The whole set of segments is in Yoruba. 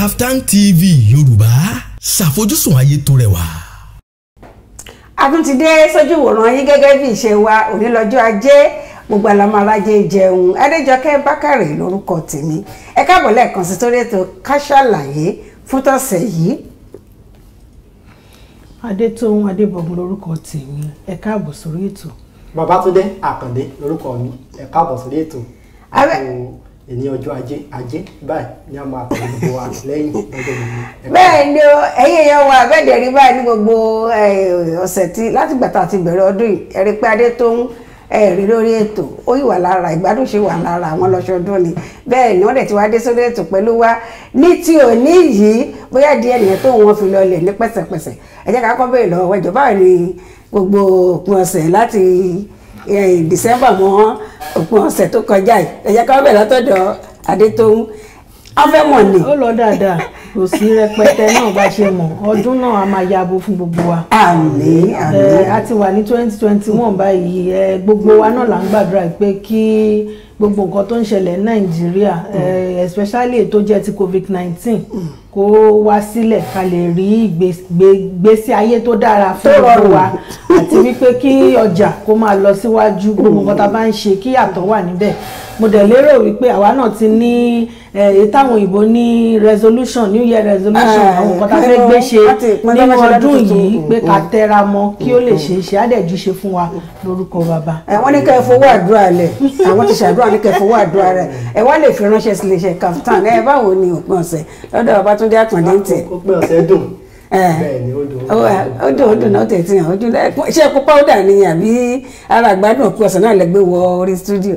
Kaftan TV Yorùbá ṣàfojúsùn ayé tó rẹwà. a tún ti dé sójú ìwòran yín gẹ́gẹ́ bí ìṣe wa òní lọ́jọ́ ajé gbogbo alamarajé jẹun Adéjọkẹ́ Bákàrè lórúkọ tèmi ẹ káàbọ̀ lẹ́ẹ̀kan sí torí ètò Ká Sálàyé fún tọ̀sẹ̀ yìí. Adétóhùn Adébọ̀gùn lórúkọ tèmi ẹ káàbọ̀ sórí ètò. Babátúndé Àkàndé lórúkọ mi ẹ káàbọ̀ sórí ètò ní ọjọ́ ajé ajé báyìí ni a máa pè gbogbo wa lẹ́yìn lọ́jọ́ gbogbo. bẹ́ẹ̀ ni o ẹ̀yin èèyàn wa bẹ́ẹ̀ dẹ̀ rí báyìí ní gbogbo ọ̀sẹ̀ tí látìgbà tá a ti bẹ̀rẹ̀ ọdún yìí ẹ̀rí pé adé tó ń ẹ̀rí lórí ètò ó yìí wà lára ìgbádùn ṣe wà lára àwọn lọ́sọdún ni bẹ́ẹ̀ ni wọ́n dẹ̀ ti wá dé sórí ètò pẹ̀lú wa ní ti òní yìí bóyá díẹ̀ nìyẹn tó wọn fi lọlẹ̀ ní pẹ̀sẹ̀pẹ̀sẹ̀ ẹ jẹ́ ká kọ́ bẹ́ẹ̀ lọ́wọ́ ìjọba ò december mọ́ òpin ọ̀sẹ̀ tó kọjá yìí ẹ jẹ́ ká bẹ̀rẹ̀ látọ̀dọ̀ adétóhùn afẹ́mọ̀ ni. ó lọ dáadáa kò sí rẹpẹtẹ náà bá ṣe mọ ọdún náà a máa yabo fún gbogbo wa. àmín àmín. a ti wà ní twenty twenty one báyìí gbogbo wa náà là ń gbàdúrà pé kí gbogbo nǹkan tó ń ṣẹlẹ̀ ní nàìjíríà mm. eh, especially ètò jẹ́ ti covid nineteen mm. kó wá sílẹ̀ ká lè rí ìgbésí ayé tó dára fún gbogbo wa àti wípé kí ọjà kó máa lọ síwájú gbogbo nǹkan mm. tá a bá ń ṣe kí yàtọ̀ wà níbẹ̀ mo dẹ̀ lérò wípé àwa náà ti ní ìtàwọn òyìnbó ní resolution new year resolution àwọn nǹkan tá a fẹ́ gbé ṣe nínú ọdún yìí pé ká mm-hmm. tẹra mọ́ kí ó lè mm-hmm. ṣe é ṣe àdẹ̀jú ṣe fún wa lórúkọ bàbá. ẹ wọ́n ní kẹ́ ẹ fowó àdúrà lẹ̀ àwọn ti ṣàdúrà ní kẹ́ ẹ fowó àdúrà rẹ̀ ẹ wá lè fi ránṣẹ́ sí iléeṣẹ́ Kaftan ẹ báwo ni òpin ọ̀sẹ̀ lọ́dọ̀ Babátúndé Àkàndé ń tẹ̀. òpin ó dùn ó dùn náà ojú ṣé kó pàwọ́dà ni àbí ara àgbàdo òpin ọ̀sẹ̀ náà lẹ́gbẹ̀ẹ́ wọ orí stúdíò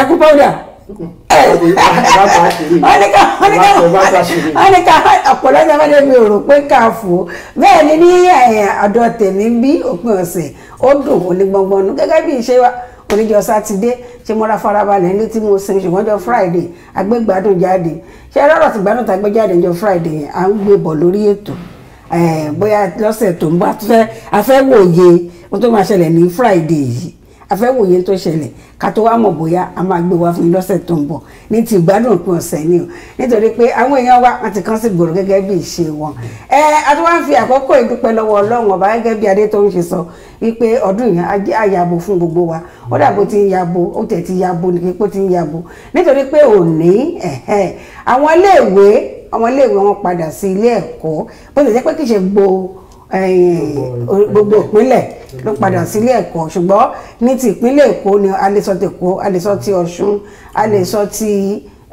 ẹkú powder ọ̀nìkà ọ̀pọ̀lọpọ̀ ọmọdé mi ò rò pé káàfù bẹ́ẹ̀ ni ní àdó tèmi bí òpin ọ̀sẹ̀ ó dùn òní gbọngbọnú gẹ́gẹ́ bí ìṣe wa oníjọ sátidé ṣe mọ́ra farabalẹ̀ ní tí mo sinmi ṣùgbọ́n jọ friday agbégbádùn jáde ṣe rọrọ̀ tí gbádùn tàgbé jáde jọ friday yẹn à ń gbé bọ̀ lórí ètò bóyá lọ́sẹ̀ tó ń bọ̀ a fẹ́ wòye ohun tó máa ṣẹlẹ̀ ní friday yìí a fẹ́ wòye tó ṣẹlẹ̀ ká tó wá mọ̀ bóyá a máa gbé wá fún yín lọ́sẹ̀ tó ń bọ̀ ní ti ìgbádùn òpin ọ̀sẹ̀ ni o nítorí pé àwọn èèyàn wa wọn ti kàn sí gbòòrò gẹ́gẹ́ bí ìṣe wọn. ẹ a tún wá ń fi àkókò ìdúpẹ́ lọ́wọ́ ọlọ́run ọba gẹ́gẹ́ bí adé tó ń ṣe sọ wípé ọdún yẹn á yabo fún gbogbo wa ó dàbò ti ń yabo ó tẹ̀ ti yabo ní kíkó ti ń yabo nítorí pé òní àwọn iléèwé ọmọ iléèwé wọn padà sí ilé ẹ̀kọ́ bó ti jẹ́ pé kì í ṣe gbogbo ìpínlẹ̀ ló padà sílé ẹ̀kọ́ ṣùgbọ́n ní ti ìpínlẹ̀ èkó ni a lè sọ ti èkó a lè sọ ti ọ̀ṣun a lè sọ ti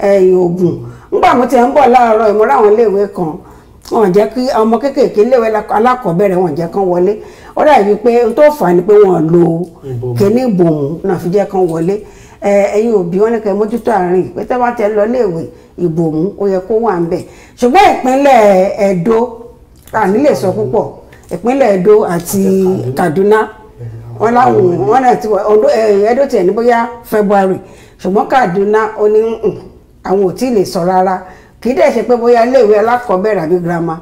ẹ̀yìn ògùn nígbà mo ti ń bọ̀ láàárọ̀ ìmúra àwọn iléèwé kan wọn jẹ́ kí ọmọ kéékèèké iléèwé alákọ̀ọ́bẹ̀rẹ̀ wọn jẹ́ kán wọlé ó dà bíi pé n tó fà á ni pé wọn lo kíní ìbòmù náà fi jẹ́ kán wọlé ẹ̀yin òbí wọn ní kẹ́ mójútó àárín pé tẹ́ bá tẹ lọ iléèwé ìbòmù ó yẹ kó wà ń bẹ̀ ṣùgbọ́n ìpínlẹ̀ Ẹdó à nílè sọ púpọ̀ ìpínlẹ̀ Edo àti Kaduna wọn láwọn wọn náà ti wọ eh, Edo tiẹ̀ ní bóyá February ṣùgbọ́n Kaduna ó ní hmm, àwọn ò tí ì lè sọ rárá kì í dẹ̀ ṣe pé bóyá iléèwé alákọ̀ọ́bẹ̀rẹ̀ àbí girama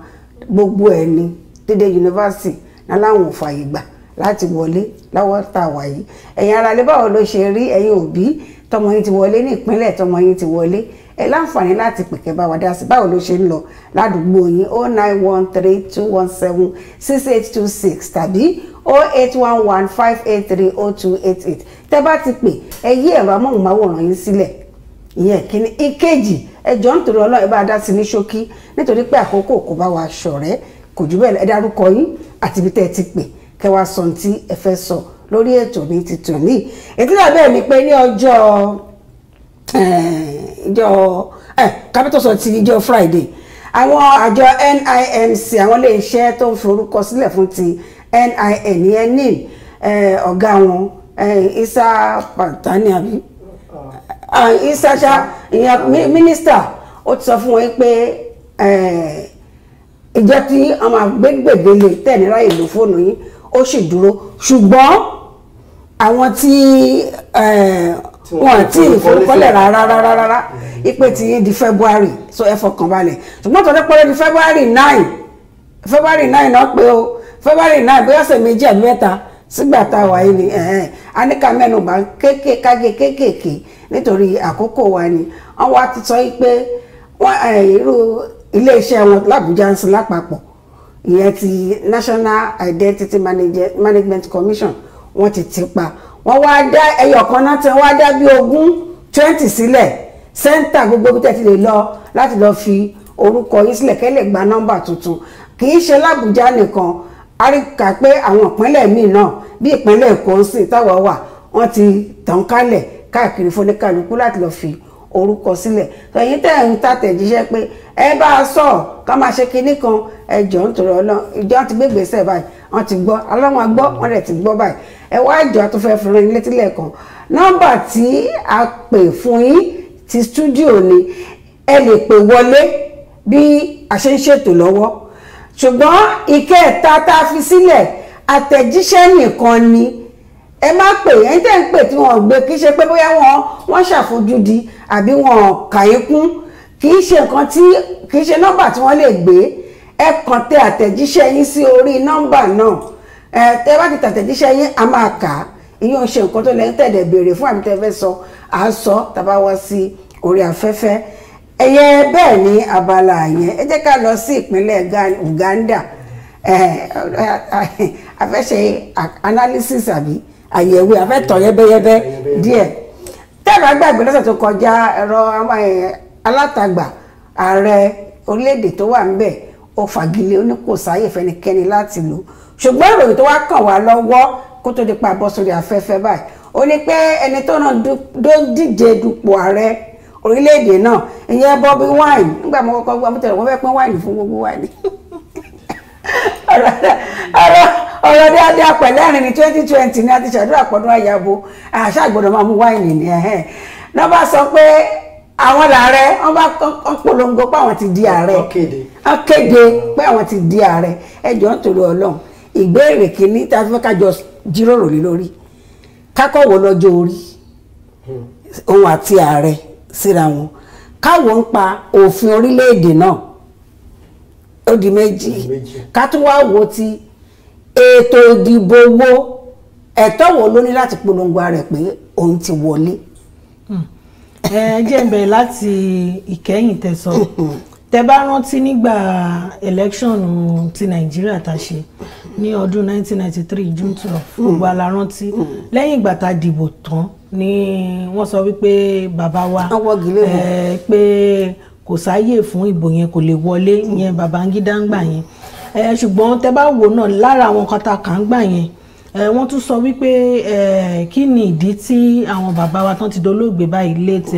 gbogbo ẹ̀ ni dédé yunifásitì náà láwọn ò fààyè gbà láti wọlé láwọ́ tá a wà yìí ẹ̀yin aráalé báwo ló ṣe rí ẹ̀yin òbí tọmọ yín ti wọlé ní ìpínlẹ̀ tọmọ yín ti wọlé ẹ láǹfààní láti pèkẹ́ bá wa dá sí báwo ló ṣe ń lọ ládùúgbò yín o oh nine one three two one seven six eight two six tàbí o oh eight one one five eight three o oh two eight eight tẹ́ bá ti pè ẹ yí ẹ̀rọ amóhùnmáwòrán yín sílẹ̀ ìyẹn kìíní ìkejì ẹjọ́ nítorí ọlọ́run ẹ bá dá sí ní ṣókí nítorí pé àkókò kò bá wa ṣọ̀rẹ́ kò jù bẹ́ẹ̀ ẹ dárúkọ yín àti ibi tẹ́ ẹ ti pè kẹ́ wá sọ ní tí ẹ fẹ́ sọ lórí ètò ní ti tòní ètò bẹ́ẹ̀ ni pé ní ọjọ́ ìjọ eh, eh, capital sọ ti ìjọ Friday àwọn àjọ NIMC àwọn iléeṣẹ́ tó ń forúkọ sílẹ̀ fún ti NIN ìyẹn NIN eh, ọ̀gá wọn Isa Pantani àbí ah. Ah, Isa ṣá ìyẹn mínísítà ó ti sọ fún wọn pé ìjọ tí àwọn àgbégbègbèlè tẹ̀nira ìlú fóònù yìí ó sì dúró ṣùgbọ́n àwọn tí wọn àti ìforúkọlẹ̀ rárá rárá rárá mm. ìpè tí yín di February so ẹ fọkàn balẹ̀ ṣùgbọ́n tọ́jú pọ́lẹ́ di February nine February nine náà pé o February nine bóyá ọ̀sẹ̀ méjì ẹ̀ mẹ́ta sígbà tá a wà yìí ni a ní ká mẹ́nu bá kéékèèkágé kéékèèké nítorí àkókò wa ni wọ́n wá ti sọ pé wọ́n irú iléeṣẹ́ wọn làbújá ń sin lápapọ̀ ìyẹn ti National Identity Management Commission wọ́n ti ti pa wọ́n wá dá ẹyọ kan náà tán wá dá bí ogún twenty sílẹ̀ sẹ́ńtà gbogbo bí tẹ̀sí lè lọ láti lọ fi orúkọ yín sílẹ̀ kẹ́lẹ̀ gba nọ́mbà tuntun kì í ṣe lábùjá nìkan a rí kà pé àwọn ìpínlẹ̀ míì náà bí ìpínlẹ̀ èkó ń sìn táwa wà wọ́n ti tàn kálẹ̀ káàkiri fúnikàlùkù láti lọ fi orúkọ sílẹ̀ ẹ̀yin tẹ́ ń tàtẹ̀jíṣẹ́ pé ẹ bá a sọ̀rọ̀ ká máa ṣe kinní kan ẹ jọ̀ọ́ nítorí ọlọ́run ìjọ ti gbégbèsè báyìí wọ́n ti gbọ́ ọlọ́run agbọ́ wọ́n dẹ̀ ti gbọ́ báyìí ẹ wá ìjọ tó fẹ́ fún yín létí lẹ́ẹ̀kan nọ́mbà tí a pè fún yín ti stúdíò ni ẹ lè pè wọlé bí a ṣe ń ṣètò lọ́wọ́ ṣùgbọ́n ìkẹta tá a fi sílẹ̀ àtẹ̀jíṣẹ́ nìkan ni ẹ má pè ẹ tẹ́ ń pè tí wọ́n gbé kí ṣe pé bóyá wọ́n wọ́n ṣàfojúdi àbí wọ́n kàyékún kì í ṣe nǹkan tí kì í ṣe nọ́mbà tí wọ́n lè gbé ẹ kàn tẹ àtẹ̀jíṣẹ́ yín sí orí nọ́mbà náà ẹ tẹ bá ti tàtẹ̀jíṣẹ́ yín a máa kà á ìyẹn ṣe nǹkan tó lẹ́ tẹ̀lé béèrè fún àmì tẹ́ sọ à ń sọ tàbá wá sí orí afẹ́fẹ́ ẹ̀yẹ bẹ́ẹ̀ ní abala yẹn ẹ jẹ́ ká lọ sí ìpínlẹ̀ Uganda a analysis àbí àyẹ̀wò a yẹ́bẹ́yẹ́bẹ́ díẹ̀ tẹ́lá gbàgbé lọ́sẹ̀ tó kọjá ẹ̀rọ alátagbà ààrẹ orílẹ̀-èdè tó wà ń bẹ̀ ó fagilé ó ní kò sáyè fẹnikẹ́ni láti lò ṣùgbọ́n ìròyìn tó wá kàn wá lọ́wọ́ kó tó di pa bọ́ sórí afẹ́fẹ́ báyìí ó ní pé ẹni tó náà ló díje dupò ààrẹ orílẹ̀-èdè náà ìyẹn Bobby Wine nígbà mo kọ́kọ́ gbọ́ mọ́tò rẹ̀ wọ́n fẹ́ pín wáìnì fún gbogbo wáìnì ọ̀rọ̀ dáadáa pẹ̀lẹ́rìn ní twenty twenty ni a ti ṣàdúrà pọ̀dún àyàbò àṣà àgbọ̀dọ̀ máa mú wáìnì ni ẹ̀hẹ́n lọ́ba sọ pé àwọn làárẹ̀ wọ́n bá polongo pé àwọn ti di ààrẹ wọ́n kéde pé àwọn ti di ààrẹ ẹjọ́ ń torí ọlọ́run ìbéèrè kìíní tá a fẹ́ ká jọ jíròrò lé lórí kákọ̀wọ́ lọ́jọ́ orí òun àti ààrẹ síra wọn káwọn ń pa òfin orílẹ̀-èdè náà ó di méjì ká tún wá wo ti ètò ìdìbò wo ẹ̀tọ́ wo ló ní láti polongo ara rẹ̀ pé òun ti wọlé ẹ jẹ́ ń bẹ̀rẹ̀ láti ìkẹyìn tẹ̀sán tẹ bá rántí nígbà election ti nàìjíríà tá a ṣe ní ọdún 1993 june 12 gbogbo ala rántí lẹ́yìn ìgbà tá a dìbò tán ni wọ́n sọ wípé bàbá wa pé kò sáyè fún ìbò yẹn kò lè wọlé yẹn Babangida ń gbà yẹn ṣùgbọ́n tẹ bá wò náà lára àwọn kan gbà yẹn Eh, wọ́n tún sọ wípé eh, kí ni ìdí tí àwọn bàbá wa tán ti dolóògbé báyìí late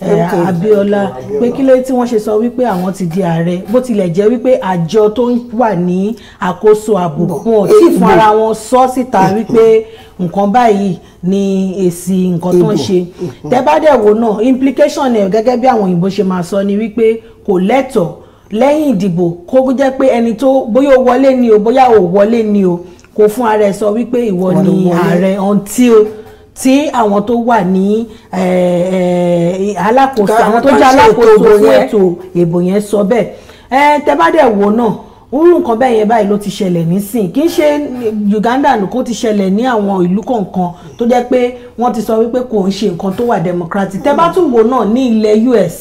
eh, Abíọ́lá pé kí ló tí wọ́n ṣe sọ wípé àwọn ti di ààrẹ bó tilẹ̀ jẹ́ wípé àjọ tó wà ní àkóso ààbò wọn ò tí fún ara wọn sọ síta wípé nǹkan báyìí ni èsì nǹkan tó ń ṣe tẹ́ bá dẹ̀ wò náà implication ẹ̀ gẹ́gẹ́ bí àwọn òyìnbó ṣe máa sọ ni wípé kò lẹ́tọ̀ọ́ lẹ́yìn ìdìbò kó jẹ́ pé ẹni tó bóyá ó wọlé ni o bóyá ó wọlé ni o kò fún ààrẹ sọ wípé ìwọ ni ààrẹ until tí àwọn tó wà ní alákòóso àwọn tó jẹ́ alákòóso fún ètò ìbò yẹn sọ bẹ́ẹ̀ tẹ́ bá dẹ̀ wò náà irú nǹkan bẹ́ẹ̀ yẹn báyìí ló ti ṣẹlẹ̀ nísìn kì í ṣe Uganda nìkan ti ṣẹlẹ̀ ní àwọn ìlú kọ̀ọ̀kan tó jẹ́ pé wọ́n ti sọ wípé kò ń ṣe nǹkan tó wà democratic tẹ́ bá tún wò náà ní ilẹ̀ US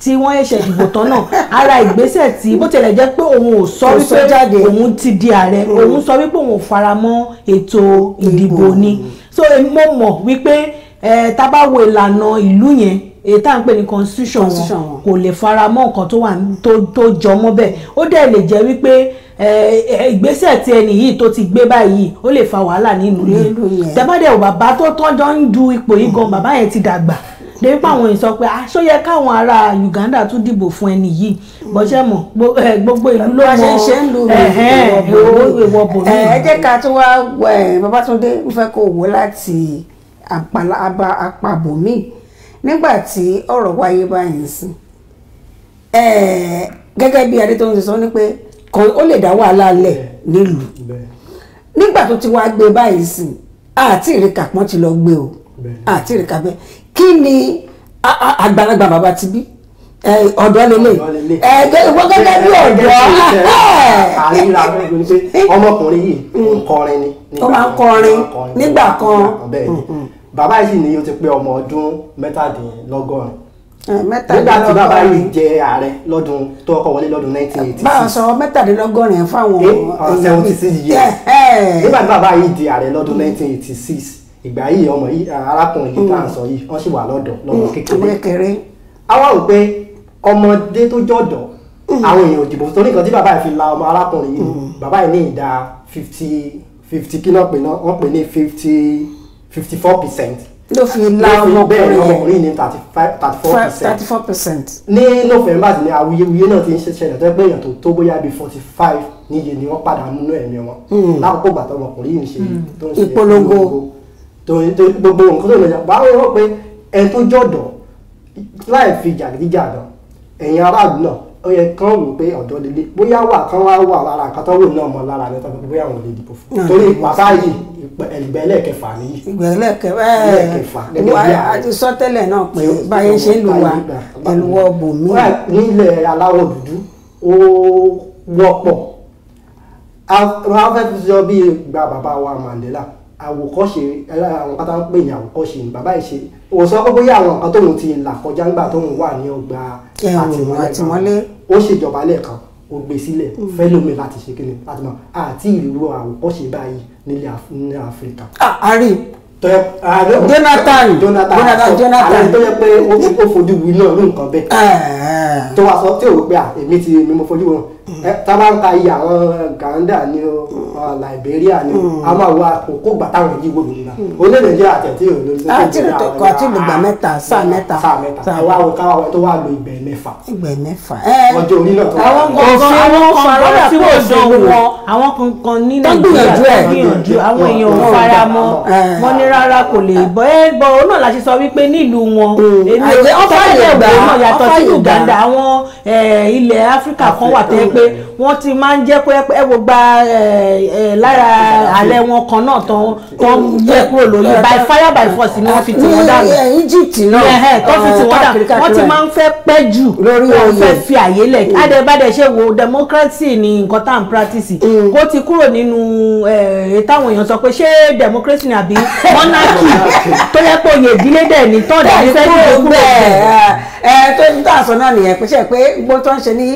tí wọ́n ṣẹ̀ṣẹ̀ dìbò tán náà ara ìgbésẹ̀ tí bó tilẹ̀ jẹ́ pé òun ò sọ wípé òun ti di ààrẹ mm. òun sọ wípé òun ò faramọ́ ètò ìdìbò ni so mo mọ̀ wípé eh, tá a bá wo ìlànà ìlú yẹn èyí tá à ń pè ní constitution wọn kò lè fara mọ́ nǹkan tó wà tó jọ mọ́ bẹ́ẹ̀ ó dẹ̀ lè jẹ́ wípé ìgbésẹ̀ tí ẹni yìí tó ti gbé báyìí ó lè fa wàhálà nínú yìí tẹ́bọ́dẹ̀ bàbá tó tọ́jọ́ ń du ipò yìí gan mm. bàbá yẹn ti dàgbà débi pa àwọn ìsọ pé aṣọ ah, yẹ káwọn ará Uganda tún dìbò fún ẹni yìí bọ́sẹ̀ mọ̀ gbogbo ìlú ló mọ̀ ìwọ bòmí. ẹ jẹ́ ká tó wá Babátúndé ń fẹ́ kó wò láti apá bòmíì nígbà tí ọ̀rọ̀ wáyé báyìí ń sìn gẹ́gẹ́ bí adé tó ń sọ ni pé ó lè dá wàhálà lẹ̀ nílùú nígbà tó ti wá gbé báyìí sìn àti ìrìkà pọ́n ti lọ gbé o àti ìrìkà bẹ́ẹ̀ kí ni àgbàlagbà bàbá ti bí ọ̀dọ́ lélẹ̀ ẹgbẹ́ gẹ́gẹ́ bí ọ̀dọ́ ọmọkùnrin yìí hmm. ń kọrin ni ó máa ń kọrin nígbà kan bàbá yìí ni ó ti pé ọmọ ọdún mẹ́tàdínlọ́gọ́rin nígbà tí bàbá yìí jẹ ààrẹ lọ́dún tó ọkọ̀ wọlé lọ́dún 1986. báwo sọ mẹ́tàdínlọ́gọ́rin fáwọn ọ̀hún seventy six years nígbà tí bàbá yìí di ààrẹ lọ́dún 1986 ìgbà yìí ọmọ arákùnrin yìí tá à ń sọ yìí wọ́n sì wà lọ́dọ̀ lọ́mọ mm, kékeré. àwa rò pé ọmọdé tó jọ̀dọ̀ mm. àwọn èèyàn òdìbò torí nǹkan tí bàbá yìí fi la ọmọ arákùnrin yìí mm. bàbá yìí ní ìdá fifty kí náà pè náà wọ́n pè ní fifty fifty four percent ló fi la ọmọ bẹ́ẹ̀ náà rí ní thirty four percent. ní november ní awuyewuye náà ti ń ṣẹlẹ̀ tó gbẹ̀yàn tó tó bóyá bíi forty five níye ni wọ́n pàdánù náà ẹ̀mí wọn hmm. lákòókò ìgbà tó ọmọkùnrin yìí ń ṣe hmm. tó ń ṣe ìpolongo tó gbogbo nǹkan tó ń lọ́jà báwo ni wọ́n pe ẹni tó jọ̀dọ̀ láì fi jàgídíjàdàn ẹ̀yin aráàlú náà ó yẹ kán wò pé ọ̀dọ́ lélẹ̀ bóyá wà kán wá wà lára nǹkan tó wò náà mọ̀ lára rẹ̀ tó bóyá àwọn olè dìbò fún hmm. torí wàá báyìí ìgbà ẹlẹ́ẹ̀kẹfà ni. ìgbà ẹlẹ́ẹ̀kẹfà àti sọ́tẹ́lẹ̀ náà pé báyé ṣe ń lu wa ẹ̀lùwọ̀ bò mí. nílẹ̀ aláwọ̀ dúdú ó wọ́pọ̀ ráfẹ́ fi sọ bí gba bàbá wa Mandela àwòkọ́ṣe àwọn kan tá ń pè ní àwòkọ́ṣe ni bàbá ìṣe ò sọ pé bóyá àwọn kan tóun ti là kọjá ńgbà tóun wà ní ọgbà àtìmọ́lé ó ṣèjọba lẹ́ẹ̀kan ó gbé sílẹ̀ mm. fẹ́lómi láti ṣe kí ni àti ìlú àwòkọ́ṣe báyìí nílẹ̀ ní áfíríkà. àárí jonathan jonathan jonathan àárí tó yẹ pé ó fojú wi náà ní nǹkan bẹ́ẹ̀ eh, eh, eh. tó wàá sọ tí ò gbé à èmi ti mi mo fojú wọn tábà ń ka iye àwọn Uganda ni o Liberia ni o a máa wá àkókò mm. ah, gbà táwọn yìí gbòmìnira nira olè nàìjíríà àtẹ̀tí ò lórí sọ́kè nàìjíríà àti kò àti ìgbà mẹ́ta sáà mẹ́ta sáà mẹ́ta àwa wo káwa wọn tó wà lò ìgbẹ́ mẹ́fà. ìgbẹ́ mẹ́fà ọjọ́ eh, orí náà tó wà lọ. àwọn kankan àwọn kankan tí wọ́n jọ wọn àwọn kankan ní nàìjíríà gbìyànjú àwọn èèyàn ò fara mọ́ eh. wọn ní rárá kò lè bọ́ ẹ eh, bọ́ òun náà láti sọ wípé nílùú wọn mm. èmi ò tọ́jú ẹ̀gbẹ́ náà yàtọ̀ sí Uganda àwọn ilẹ̀ Áfíríkà kan wà tẹ́ pé wọ́n ti máa ń jẹ́ pé ẹ wo gba lára alẹ́ wọn kan náà tán tán yẹ kúrò lóyún by fire by force ni wọ́n fi tì wọ́n dànù. Egypt náà tán fi tì wọ́n dànù wọ́n ti máa ń fẹ́ pẹ́ jù wọ́n fẹ́ fi àyè lẹ̀ mm. adébádé ṣe wo democracy ni nǹkan tá à ń practice kó mm. ti kúrò nínú táwọn èèyàn sọ pé ṣé democracy ni àbí monarchy tó yẹ pé oyè ìdílé dẹ̀ ní tọ́ọ̀dà ní fẹ́ẹ́ kúrò bẹ́ẹ̀ ẹ tó ń tà sọ náà nìyẹn pé ṣe pé gbogbo ń ṣe ní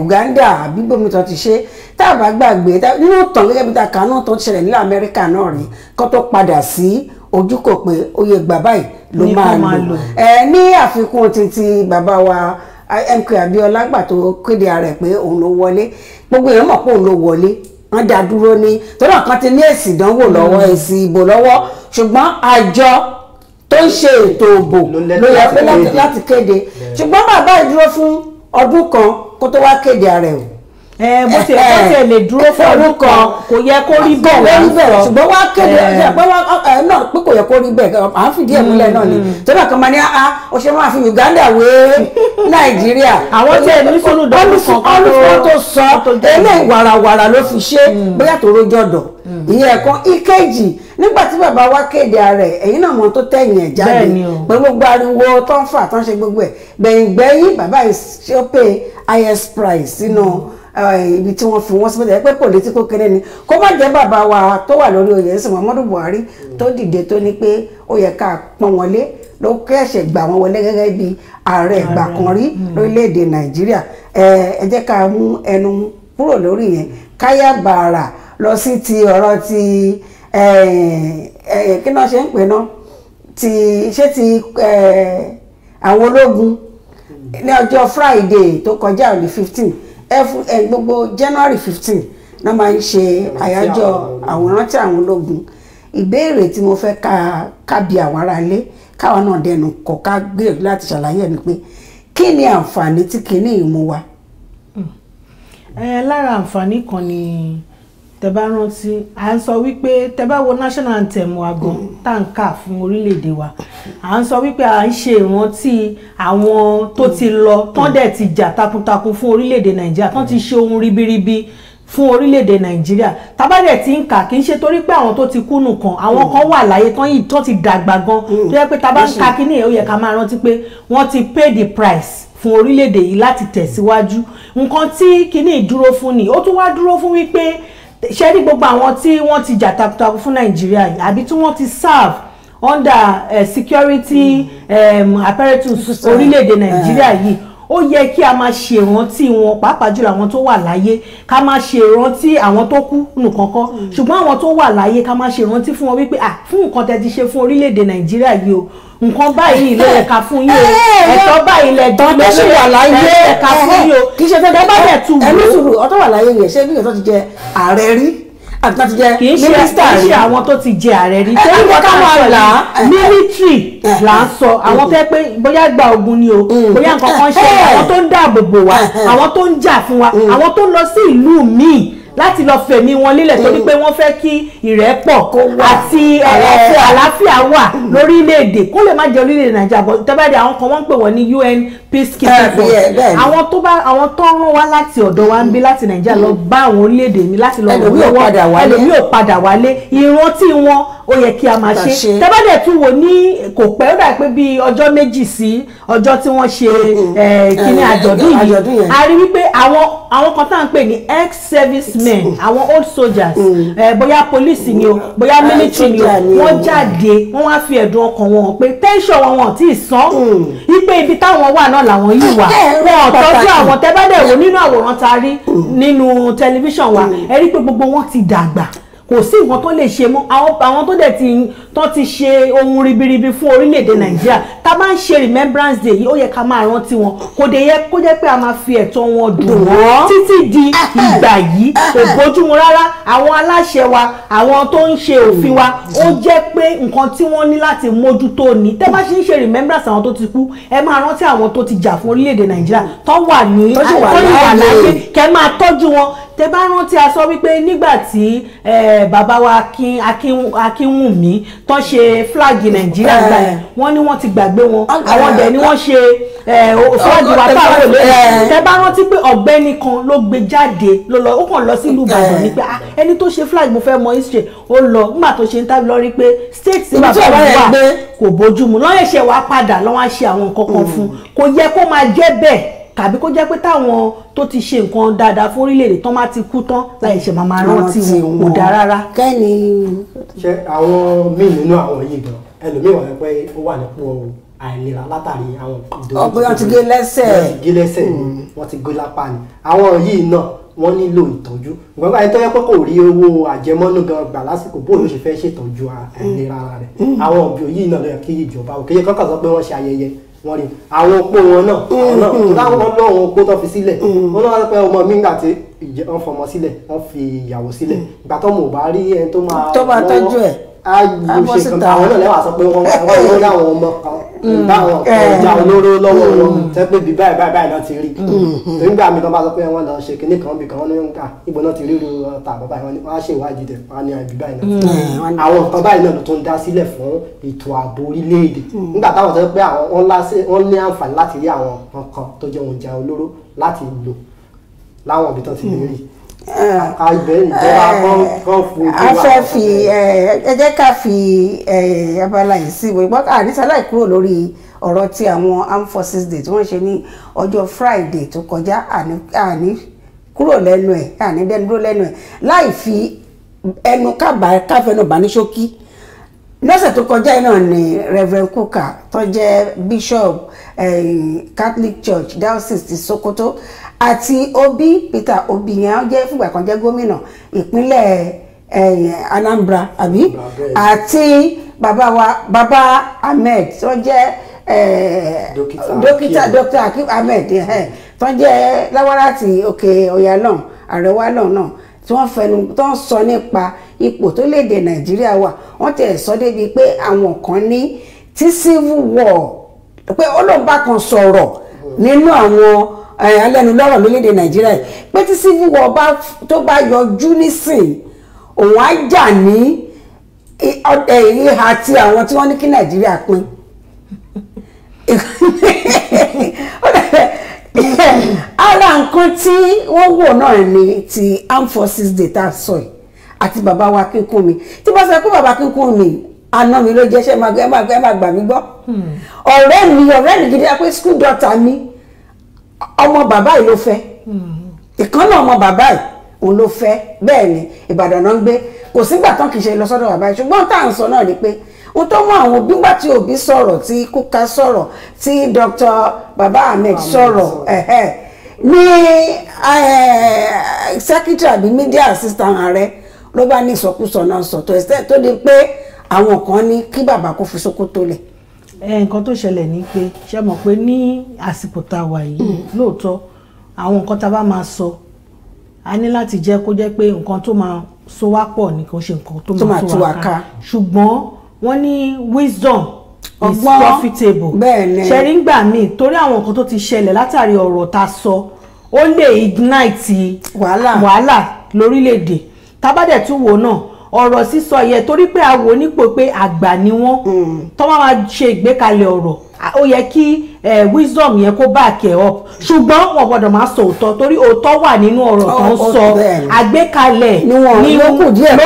Uganda àbí gbòmìtàn ti ṣe tá a bá gbàgbé nínú ìtàn gẹ́gẹ́ bí ta kà náà tó ṣẹlẹ̀ nílẹ̀ Amẹ́ríkà náà rí kó tó padà sí ojú kò pé oyè gbà báyìí ló máa lò ní àfikún títí bàbá wa MK Abiola gbà tó kéde ara ẹ̀ pé òun ló wọlé gbogbo èèyàn mọ̀ pé òun ló wọlé wọ́n dá dúró ní torí ọ̀kan ti ní èsì ìdánwò lọ́wọ́ hmm. èsì ìbò lọ́wọ́ ṣùgbọ́n àjọ tó ń ṣe ètò òbò ló yẹ pé láti kéde ṣùgbọ́n bàbá ìdúró fún ọdún kan kó tó wá kéde ààrẹ o. ẹ bó ti bó ti lè dúró fún ọdún kan kò yẹ kó rí bẹ́ẹ̀ lọ rí bẹ́ẹ̀ ṣùgbọ́n wá kéde ẹ pé wá ẹ náà pé kò yẹ kó rí bẹ́ẹ̀ à ń fìdí ẹ̀ múlẹ̀ náà ni torí àkànmá ni a ó ṣe máa fi Uganda wé Nàìjíríà. àwọn tí ẹ ní sọnù dọ́dún kan kó tó olùfọ́ tó sọ ẹ náà wàràwàrà ló fi ṣe mm. bóyá tó rojọ́ dọ̀ mm. ìyẹn ẹ̀kan ìkejì nígbà tí bàbá wa kéde ààrẹ ẹ̀yin náà mọ tó tẹ̀yìn ẹ̀ jáde pẹ̀lú gbogbo ariwo tó ń fà tó ń ṣe gbogbo ẹ̀ gbẹ̀yìngbẹ̀yìn bàbá yìí ṣọ́pẹ́ price sínú eh, ibi tí wọ́n fi wọ́n sí pé political kéré ni kó má jẹ́ bàbá wa tó wà lórí oyè ẹ̀sìn Muhammadu Buhari tó dìde tó ní pé ó yẹ ká pọ́n wọlé ló kẹ́sẹ̀ gbà wọ́n wọlé gẹ́gẹ́ bí ààrẹ ìgbà kan rí hmm. lórílẹ̀‐èdè Nàìjíríà ẹ jẹ́ ká mú ẹnu kúrò lórí yẹn káyà bàrà lọ sí ti ọ̀rọ̀ ti. Eh, eh, kí náà ṣe ń pè náà ti ṣé ti eh, àwọn ológun ní ọjọ́ Friday tó kọjá òní fifteen gbogbo January fifteen náà máa ń ṣe àyájọ́ àwòrán tí àwọn ológun ìbéèrè tí mo fẹ́ ká kábi àwọn aráalé káwa náà dẹnu kọ ká gbìyànjú láti ṣàlàyé ẹni pé kí ni àǹfààní tí kinní yìí mú wa. Hmm. lára àǹfààní kan ni. Mm tẹ bá rántí à ń sọ wípé tẹ bá wo national anthem wa gan tá n kà fún orílẹ̀-èdè wa à ń sọ wípé à ń ṣe ìrántí àwọn tó ti lọ tán dẹ̀ ti jà takuntakun fún orílẹ̀-èdè nàìjíríà tán ti ṣe ohun ribiribi fún orílẹ̀-èdè nàìjíríà tábàdẹ̀ tí ń kà kì í ṣe torí pé àwọn tó ti kú nìkan àwọn kan wà láyé tán yìí tó ti dàgbà gan mm. tó yẹ pé tábà ń ka kínní ó yẹ ká máa rántí pé wọ́n ti pay the price fún orílẹ̀-èdè yìí láti tẹ̀síwájú nǹkan tí kínní dúró fún ni ó tún wá dúró fún wípé ṣe rí gbogbo àwọn tí wọ́n ti jà takuntakun fún nàìjíríà yìí àbí tí wọ́n ti serve under uh, security mm. um, apparatus orílẹ̀-èdè nàìjíríà eh. yìí ó yẹ kí a máa ṣe ìrántí wọn pàápàá jùlọ àwọn tó wà láyé ká máa ṣe ìrántí àwọn tó kú nìkan kọ́ hmm. ṣùgbọ́n àwọn tó wà láyé ká máa ṣe ìrántí fún wọn wípé à fún nǹkan tẹ́ ti ṣe fún orílẹ̀-èdè nàìjíríà yìí o nǹkan báyìí ló yẹ ká fún yín o eh, eh, eh, ẹ̀tọ́ báyìí lẹ dán ló ṣe wà láyé ká fún yín o kì í ṣe tẹ́ bá bẹ̀ tù wò ẹ̀mí tù wò ọ̀tọ̀ wà láyé yẹn ṣé bí ìyẹn ti jẹ ààrẹ rí àti láti jẹ mínísítà rí kì í ṣe àwọn tó ti jẹ ààrẹ rí tẹ́lẹ̀ wọ́n ká máa là á mílítírì là ń sọ àwọn fẹ́ pé bóyá gba ogun ni o mm. bóyá nǹkan kan ṣe àwọn tó ń dáàbò bò wá àwọn tó ń jà fún wa mm. àwọn tó ń lọ sí ìlú míì láti lọ fẹ̀mí wọn lílẹ̀ torí mm. pé wọ́n fẹ́ kí ìrẹ́pọ̀ eh, àti àlàáfíà wà mm. lórílẹ̀‐èdè kó lè má jẹ́ orílẹ̀‐èdè nàìjíríà bọ̀ tẹ́bàdì àwọn kan wọ́n ń pè wọ́n ní UN peacekeeping eh, force àwọn tó bá àwọn tó rán wá láti ọ̀dọ̀ wa ń mm. bí láti nàìjíríà lọ bá àwọn orílẹ̀‐èdè mi láti lọ ràn lọ́wọ́ ẹlòmí ò padà wálé ìrántí wọn ó yẹ kí a máa ṣe tẹ́bàdì tún wò ní kò pẹ́ ó dà pé bíi ọjọ́ méjì sí ọjọ́ tí wọ́n ṣe eh, kíní àjọ̀dún yìí a rí wípé àwọn kan tá à ń pè ní ex-service men àwọn old soldiers mm. eh, bóyá police ni o mm. bóyá military ni o wọ́n jáde wọ́n wá fi ẹ̀dùn ọkàn wọn pé tẹ́ńsọ̀ wọn wọn ti sàn mm. ipe ibi táwọn wà náà làwọn yìí wà wọn ò tọ́jú àwọn tẹ́bẹ́dẹ̀ wò nínú àwòrán ta rí nínú tẹlifíṣàn wa ẹ rí pé gbogbo wọn ti dàgbà kò sí nǹkan tó lè ṣe mọ́ àwọn tó dẹ̀ ti tó ti ṣe ohun ribiribi fún orílẹ̀-èdè nàìjíríà tá a máa ń ṣe remembrance day yìí ó yẹ ká máa rántí wọn kò dé yẹ kó jẹ́ pé a máa fi ẹ̀tọ́ wọn dùn wọ́n títí di ìgbà yìí kò bójúmu rárá àwọn aláṣẹ wa àwọn tó ń ṣe òfin wa ó jẹ́ pé nǹkan tí wọ́n ní láti mójútó ni tẹ́ bá ṣe ń ṣe remembrance àwọn tó ti kú ẹ máa rántí àwọn tó ti jà fún orílẹ̀-èdè nàìjíríà tó wà ní tẹ bá rántí a sọ wípé nígbà tí bàbá wa Akínwùmí tó ṣe fúláàgì nàìjíríà gbà yẹn wọ́n ní wọ́n ti gbàgbé wọn àwọn dẹ̀ ni wọ́n ṣe fúláàgì wa táwọn olè tẹ bá rántí pé ọ̀gbẹ́ni kan ló gbé jáde ló lọ ó kàn lọ sílùú Ìbàdàn ni pé ah, ẹni tó ṣe fúláàgì mo fẹ́ mọ history ó lọ nígbà tó ṣe ń tábìlọ rí pé state tí bàbá wa kò bójú mu lọ́yẹ̀ṣẹ̀ wa padà lọ́wọ́ á ṣe àwọn nǹkan kan mm. fún kò yẹ kó máa jẹ́ tàbí kó jẹ́ pé táwọn tó ti ṣe nǹkan dáadáa fórílẹ̀-èdè tán má ti kú tán láì ṣe màmá rántí wọn kò dáa rárá. kẹ́ni. ṣe àwọn míì nínú àwọn yìí gan ẹlòmíì wà pé ó wà nípò àìlera látàrí àwọn ìdòwò. ọgbẹ́ wọn ti gé lẹ́sẹ̀. wọ́n ti gé lẹ́sẹ̀ ni hmm. wọ́n ti gé lápá ni àwọn yìí náà wọ́n nílò ìtọ́jú ìgbọ́n báyìí tó yẹ pé kò rí owó àjẹmọ́nú gan gbà lásìkò bóòlù ṣe fẹ́ ṣètọ́jú àìlera rẹ̀ hmm. àwọn òbí yìí náà ló yẹ kí ìjọba òkèèyàn kọ́kọ́ sọ pé wọ́n ṣe ayẹyẹ wọ́n rí àwọn opó wọn náà àwọn náà láwọn mm-hmm. lọ́wọ́ opó tó fi sílẹ̀ mm-hmm. wọ́n lọ́wọ́ pé ọmọ mi ń gbà tí wọ́n fọmọ sílẹ̀ wọ́n fi ìyàwó sílẹ̀ mm-hmm. ìgbà tó mò bá rí ẹni tó máa tọ́jú ẹ̀ àgbò ṣe kan àwọn náà lẹ́wà sọ pé wọ́n wọ́n ló láwọn ọmọ kan mm. báwọn ọjà eh. olóró lọ́wọ́ wọn mm. tẹ́ pé bí báyìí báyìí náà ti rí mm. nígbà mi kan bá sọ pé wọ́n lọ ṣe kinní kan bìkan wọ́n ní ń kà ibo náà ti rí ru ọta bàbá yìí wọ́n á ṣe ìwádìí dẹ̀ wọ́n á ní àbí báyìí eh, náà àwọn nǹkan báyìí náà ló tún dá sílẹ̀ fún ètò ààbò orílẹ̀ nígbà táwọn sọ pé wọ́n ní àǹfààní láti rí àwọn nǹkan tó jẹ́ oúnjẹ olóró láti lò láwọn ibi tó ti rí àgbẹ̀ ìjọba kan fún ojú wa. a fẹ́ fi ẹ jẹ́ ká fi abala yìí sí ìwé gbọ́ àdìsá láì kúrò lórí ọ̀rọ̀ ti àwọn armed forces day tí wọ́n ṣe ní ọjọ́ friday tó kọjá àní kúrò lẹ́nu ẹ̀ àní dẹ́nu dúró lẹ́nu ẹ̀ láì fi ẹnu káfẹ́nu bá ní ṣókí lọ́sẹ̀ tó kọjá iná ni reverend kuka tó jẹ́ bishop catholic church diocese ti sokoto àti Obi Peter Obi yẹn ó jẹ́ fúgbà kan jẹ́ gómìnà ìpínlẹ̀ eh, Anambra àbí àti bàbá wa bàbá Ahmed tó jẹ́ eh, dókítà dókítà Akib Ahmed eh, tó jẹ́ láwárà ti òkè ọ̀yà náà àrẹwà náà náà tí wọ́n fẹnu tó ń sọ nípa ipò tó léde Nàìjíríà wà wọ́n tẹ̀ sọ débi pé àwọn kan ní tí civil war pé ó lóun bá kan sọ̀rọ̀ hmm. nínú àwọn alẹ́nu lọ́rọ̀ lórílẹ̀‐èdè nàìjíríà pé tí civil war bá tó bá yọjú nísìn òun á jà ní ìhà ti àwọn tí wọ́n ní kí nàìjíríà pín ara nǹkan tí wọ́n wò náà ni ti armed forces day tá a sọ yìí àti bàbá wa kíkún mi tí bá sọ pé bàbá kíkún mi àná mi ló jẹ́ ṣe máa gbà mí gbọ́ hmm. ọ̀rẹ́ mi ọ̀rẹ́ mi gidi pé school daughter mi. Hmm ọmọ bàbá yìí ló fẹ́ ìkànnà ọmọ bàbá yìí òun ló fẹ́ bẹ́ẹ̀ ni Ìbàdàn náà ń gbé kò sígbà tán kì í ṣe lọ sọ́dọ̀ bàbá yìí ṣùgbọ́n tá à ń sọ náà ni pé n tó mú àwọn òbí gbà tí òbí sọ̀rọ̀ tí kúka sọ̀rọ̀ tí Dr. Baba Ahmed sọ̀rọ̀ ní secretary àbí media assistant ààrẹ ló bá ní ìsọkúsọ náà sọ tó di pé àwọn kan ní kí bàbá kó fi ṣòkòtò lẹ̀ nǹkan tó ṣẹlẹ̀ ni pé ṣe mọ̀ pé ní àsìkò tá a wà yìí mm. lóòótọ́ àwọn nǹkan tá a bá máa sọ a ní láti jẹ́ kó jẹ́ pé nǹkan tó máa so wá pọ̀ ni kò ṣe nǹkan tó máa so wá ká ṣùgbọ́n wọ́n ní wisdom is profitable ṣẹ̀rí ń gbà mí torí àwọn nǹkan tó ti ṣẹlẹ̀ látàrí ọ̀rọ̀ tá a sọ ó lè ignite wàhálà lórílẹ̀‐èdè tá a bá dẹ̀ tún wò náà ọ̀rọ̀ sísọ yẹ torí pé a wò nípò pé àgbà ni wọ́n hmm. tó máa ma ṣe ìgbékalẹ̀ ọ̀rọ̀ ó yẹ kí wisdom yẹn kó back ẹ̀ up ṣùgbọ́n wọn gbọ́dọ̀ máa sọ òótọ́ torí òótọ́ wà nínú ọ̀rọ̀ tó ń sọ àgbékalẹ̀ ní lókùdíẹ̀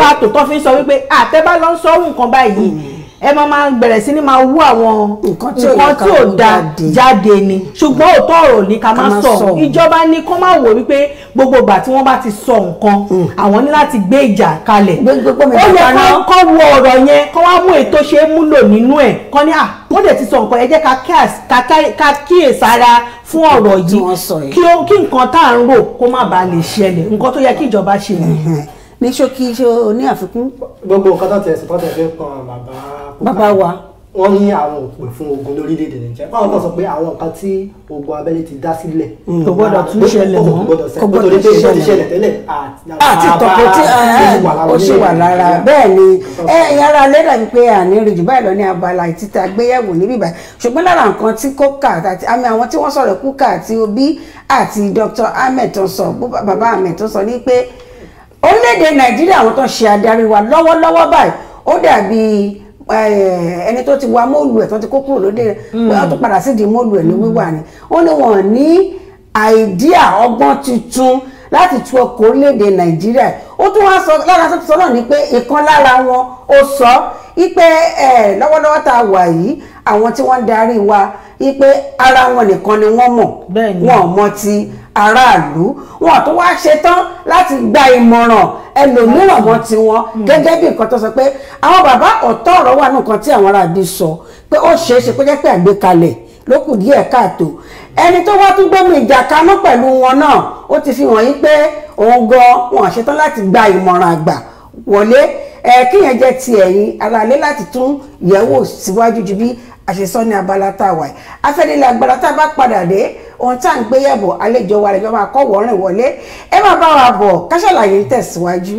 pàtó tó fi ń sọ wípé àtẹ́bá ló ń sọ nǹkan báyìí hmm ẹ máa máa bẹ̀rẹ̀ sí ni máa wú àwọn nǹkan tí ò da jáde ni ṣùgbọ́n òótọ́ ọ̀rọ̀ ni ká máa sọ ìjọba ni kó máa wò wípé gbogbo ìgbà tí wọ́n bá ti sọ nǹkan hmm. àwọn ní láti gbé ìjà kalẹ̀ ó yẹ kó kọ́ wo ọ̀rọ̀ yẹn kó wá mú ètò ṣe é múlò nínú ẹ̀ kọ́ ní à wọ́n dẹ̀ ti sọ nǹkan ẹ jẹ́ ká kíyèsára fún ọ̀rọ̀ yìí kí nǹkan tá à ń rò kó má bàa lè ṣẹlẹ̀ nǹkan tó yẹ kí ìjọba ṣe nìyẹn ní ṣókí ṣó o ní àfikún. gbogbo nǹkan tó ti ẹ̀sìn pọ́tẹ̀ fi kan bàbá bàbá wa wọ́n ní àwọn òpè fún ogun lórílẹ̀‐èdè nàìjíríà wọ́n kàn sọ pé àwọn nǹkan tí ogun abẹ́lé ti dá sílẹ̀. Hmm. kò gbọ́dọ̀ tún ṣẹlẹ̀ mọ́ kò gbọ́dọ̀ tún ṣẹlẹ̀ tẹ́lẹ̀ àti tọ̀pọ̀ tí ó ṣe wà lára bẹ́ẹ̀ ni yàrá lẹ́dà wípé àníri jù báyìí lọ ní abala títa gbéyẹ̀wò níbí báyìí ṣùgbọ́n lára nǹkan tí kókà àti àmì àwọn tí wọ́n sọ̀rọ̀ kúkà àti obi àti Dr. Ahmed tó sọ bàbá Ahmed tó sọ ní pé orílẹ̀-èdè nàìjíríà àwọn tó ń ṣe adarí wa lọ́wọ́lọ́wọ́ báyìí ó dàbí ẹni tó ti wa móòlù ẹ̀ tó ti kó kúrò lóde wọ́n hmm. tún padà sídìí móòlù ẹ̀ ní hmm. wíwà ni ó ní wọ́n ní àìdíà ọgbọ́n tuntun láti tu ọkọ̀ orílẹ̀-èdè nàìjíríà ó tún wá sọ lára tó ti sọ náà ni pé ìkan lára wọn ó sọ ipe lọ́wọ́lọ́wọ́ tá a wà yìí àwọn tí wọ́n ń darí wa ipe ara wọn nìkan ni wọ́n mọ̀ wọn ò mọ̀ ti aráàlú wọn àtún wá ṣetán láti gba ìmọ̀ràn ẹlòmíràn mọ́ tiwọn mm. gẹ́gẹ́ bí nǹkan tó sọ pé àwọn bàbá ọ̀tọ̀ ọ̀rọ̀ wà nǹkan tí àwọn aráàlú sọ pé ó ṣeé ṣe pé jẹ́ pé àgbékalẹ̀ ló kù díẹ̀ káàtó ẹni tó wá tún gbómi ìjà kaná pẹ̀lú wọn náà ó ti fi hàn yín pé òun gan wọn àṣetán láti gba ìmọ̀ràn àgbà wọlé ẹ kíyẹn jẹ́ ti ẹ̀yin aráalé láti tún yẹ̀wò síwájú ju bí àṣesọ ní abala tá a wà yìí afẹ́nilẹ̀ agbára tá a bá padà dé ohun tá à ń gbéyẹ̀wò àlejò wa rẹ̀ fẹ́ máa kọ́ wọ́ọ́rìn wọlé ẹ máa bá wa bọ̀ ká ń tẹ̀síwájú.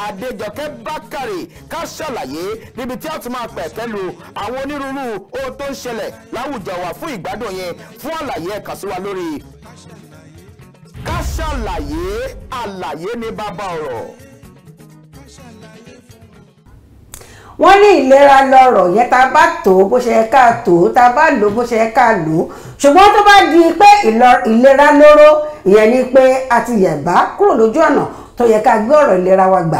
adéjọkẹ́ bákàrè ká ṣàlàyé níbi tí a ti máa pẹ̀kẹ́ lu àwọn onírúurú ohun tó ń ṣẹlẹ̀ láwùjọ wa fún ìgbádùn yẹn fún àlàyé ẹ kàn sí wa lórí ká ṣàlàyé àlàyé ní bàbá ọ̀rọ̀. wọ́n ní ìlera lọ́rọ̀ yẹn tá a bá tó bó ṣe yẹ ká tó tá a bá lò bó ṣe yẹ ká lò ṣùgbọ́n tó bá di pé ìlera lóró ìyẹn ni pé a ti yẹ̀bá kúrò lójú ọ̀nà tó yẹ ká gbé ọ̀rọ̀ ìlera wa gbà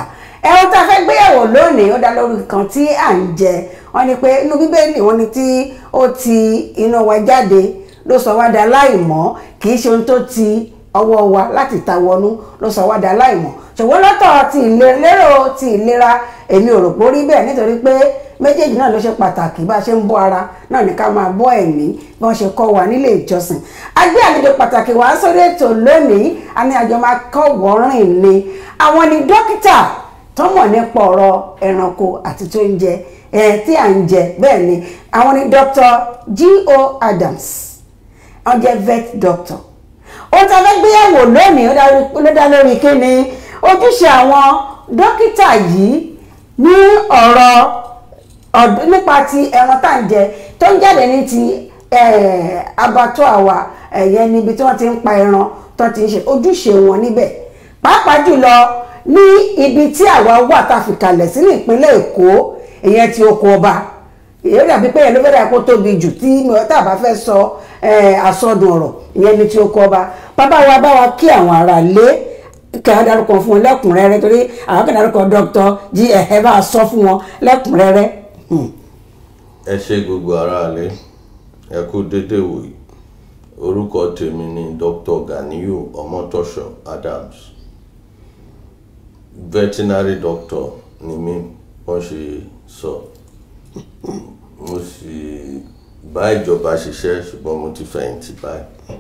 ẹ̀rọ tá a fẹ́ gbéyàwó lónìí ó dá lórí kan tí à ń jẹ wọ́n ní pé inú bíbélì wọ́n ní tí ó ti inú wa jáde ló sọ wá dá láìmọ́ kì í ṣe ohun tó ti ọwọ́ wa láti ta wọnú ló sọ wá dá láìmọ́ tòwó lọ́tọ̀ ti ìlérò ti ìlera èmi ò rò pé ó rí bẹ́ẹ̀ nítorí pé méjèèjì náà ló ṣe pàtàkì bá a ṣe ń bọ́ ara náà ní ká máa bọ́ ẹ̀mí bí wọ́n ṣe kọ́ wa nílé ìjọsìn a gbé àlejò pàtàkì wá sórí ètò lónìí a ní àjọ máa kọ́ wọ́rìn ni àwọn ni dókítà tó mọ̀ nípa ọ̀rọ̀ ẹranko àti tó ń jẹ ẹ tí à ń jẹ bẹ́ẹ̀ ni àwọn ni Dr. G.O. Adams wọ́n vet doctor ohun tí a fẹ́ gbéyàwó lónìí ló dá lórí kí ni ojúṣe àwọn dókítà yìí ní ọ̀rọ̀ ọ̀dún nípa ti ẹran tá à tó ń jáde ní ti abatoa wa ẹ̀yẹ níbi tí wọ́n ti ń pa ẹran tó ti ń ṣe ojúṣe wọn níbẹ̀ pàápàá jùlọ ní ibi tí àwa wà tá a fi kalẹ̀ sí ní ìpínlẹ̀ èkó ìyẹn ti oko ọba èyí dàbí pé ẹ̀ ló fẹ́rẹ̀ kó tóbi jù tí tá bá fẹ́ sọ àsọdùn ọ̀rọ̀ ìyẹn ni ti oko ọba bàbá wa bá wa kí àwọn ará lé kẹ́hìn dárúkọ fún wọn lẹ́kùnrẹ́rẹ́ torí àwọn kẹ́hìn dárúkọ dr g ẹ̀hẹ́ bá a sọ fún wọn lẹ́kùnrẹ́rẹ́. Hmm. ẹ ṣe gbogbo aráalé ẹ kú dédé wòye orúkọ tèmi ni dr ganiyu ọmọtọṣọ adams veterinary doctor ni mí wọ́n ṣe sọ mo sì bá ìjọba ṣiṣẹ́ ṣùgbọ́n mo ti fẹ̀yìntì báyìí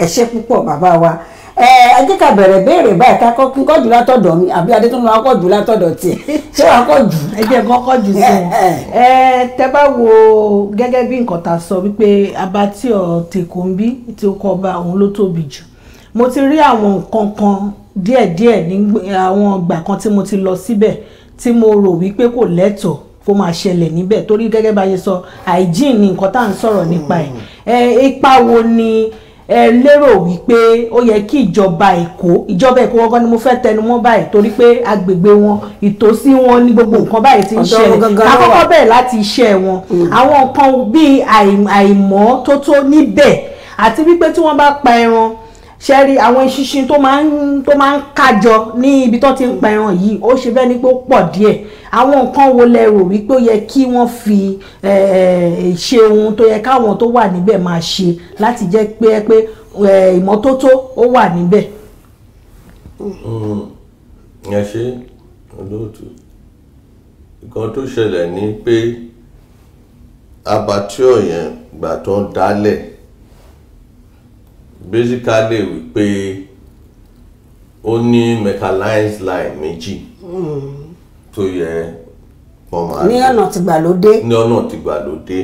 ẹ ṣé púpọ̀ bàbá wa ẹ jẹ́ ká bẹ̀rẹ̀ béèrè báyìí ká kọ́ kí n kọ́jú látọ̀dọ̀ mi àbí adétúnú wa kọ́jú látọ̀dọ̀ tiẹ̀ ṣé wàá kọ́jú. ẹ jẹ́ kọ́ kọ́jú sí wọn. ẹ tẹ́ bá wo gẹ́gẹ́ bí nǹkan ta sọ wípé abá tí ọ̀ tèkó ń bí tí ó kọ́ bá òun ló tóbi jù mo ti rí àwọn nǹkan kan díẹ̀díẹ̀ ní àwọn ìgbà kan tí mo ti lọ síbẹ̀ tí mo rò wípé kò lẹ́tọ̀ọ́ kó máa ṣẹlẹ̀ níbẹ̀ torí gẹ́gẹ́ bá yẹ sọ hygiene ni nǹkan tá à ń sọ̀rọ̀ nípa ẹ̀ hmm. ipa wo ni ẹ lérò wípé ó yẹ kí ìjọba èkó ìjọba èkó gangan ni mo fẹ́ tẹnu mọ́ báyìí torí pé agbègbè wọn ìtòsí wọn ní gbogbo nǹkan báyìí ti ń ṣẹlẹ̀ àkọ́kọ́ bẹ̀rẹ̀ láti iṣẹ́ wọn hmm. àwọn nǹkan bíi àìmọ́ tó tó níbẹ̀ àti wípé tí wọ́n bá pa ẹran ṣe rí àwọn eṣinṣin tó máa ń tó máa ń kájọ ní ibi tó ti ń pa ẹran yìí ó ṣe bẹ́ẹ̀ ni pé ó pọ̀ díẹ̀ àwọn nǹkan wo lẹ rò wípé ó yẹ kí wọ́n fi ṣe ohun tó yẹ káwọn tó wà níbẹ̀ máa ṣe láti jẹ́ pé pé ìmọ́tótó ó wà níbẹ̀. Hmm. ẹ ṣe olóòtú nǹkan tó ṣẹlẹ̀ ni pé abattoir yẹn gbà tó ń dálẹ̀ basically wípé ó ní mechanized line méjì tó yẹ wọ́n máa ní ọ̀nà tìgbàlódé ní ọ̀nà tìgbàlódé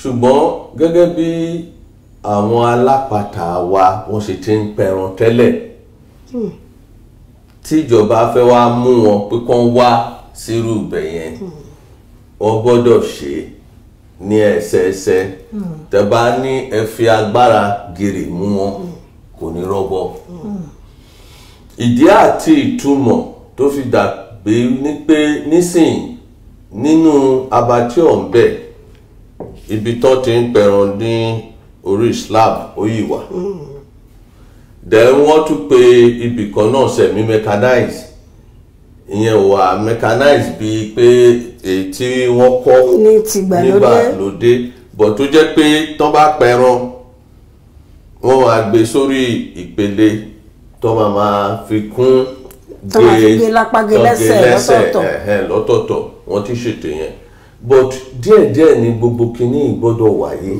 ṣùgbọ́n gẹ́gẹ́ bí àwọn alápatà wa wọ́n ṣe ti ń pẹran tẹ́lẹ̀ hmm. tíjọba fẹ́ wá mú wọn pé kán wá sírú ibẹ̀ yẹn hmm. wọ́n gbọ́dọ̀ ṣe é ní ẹsẹẹsẹ tẹ bá ní ẹ fi agbára gèrè mú wọn kò ní rọgbọ ìdí àti ìtumọ̀ tó fi dàbí ni pé nísìn nínú abatí ọ̀nbẹ ibi tó ti ń pẹran ní orí slab ó yìí wà dẹ̀ wọ́n tún pe ibì kan náà sẹ̀mí mechanized ìyẹn wà mechanized bíi pé èyí tí wọ́n kọ́ nígbàlódé bọ̀ tó jẹ́ pé tán bá pẹran wọ́n máa gbé sórí ìpele tán máa máa fi kún gé tọ́gé lẹ́sẹ̀ lọ́tọ̀ọ̀tọ̀ wọ́n ti ṣètò yẹn but díẹ̀díẹ̀ ni gbogbo kinní gbọ́dọ̀ wáyé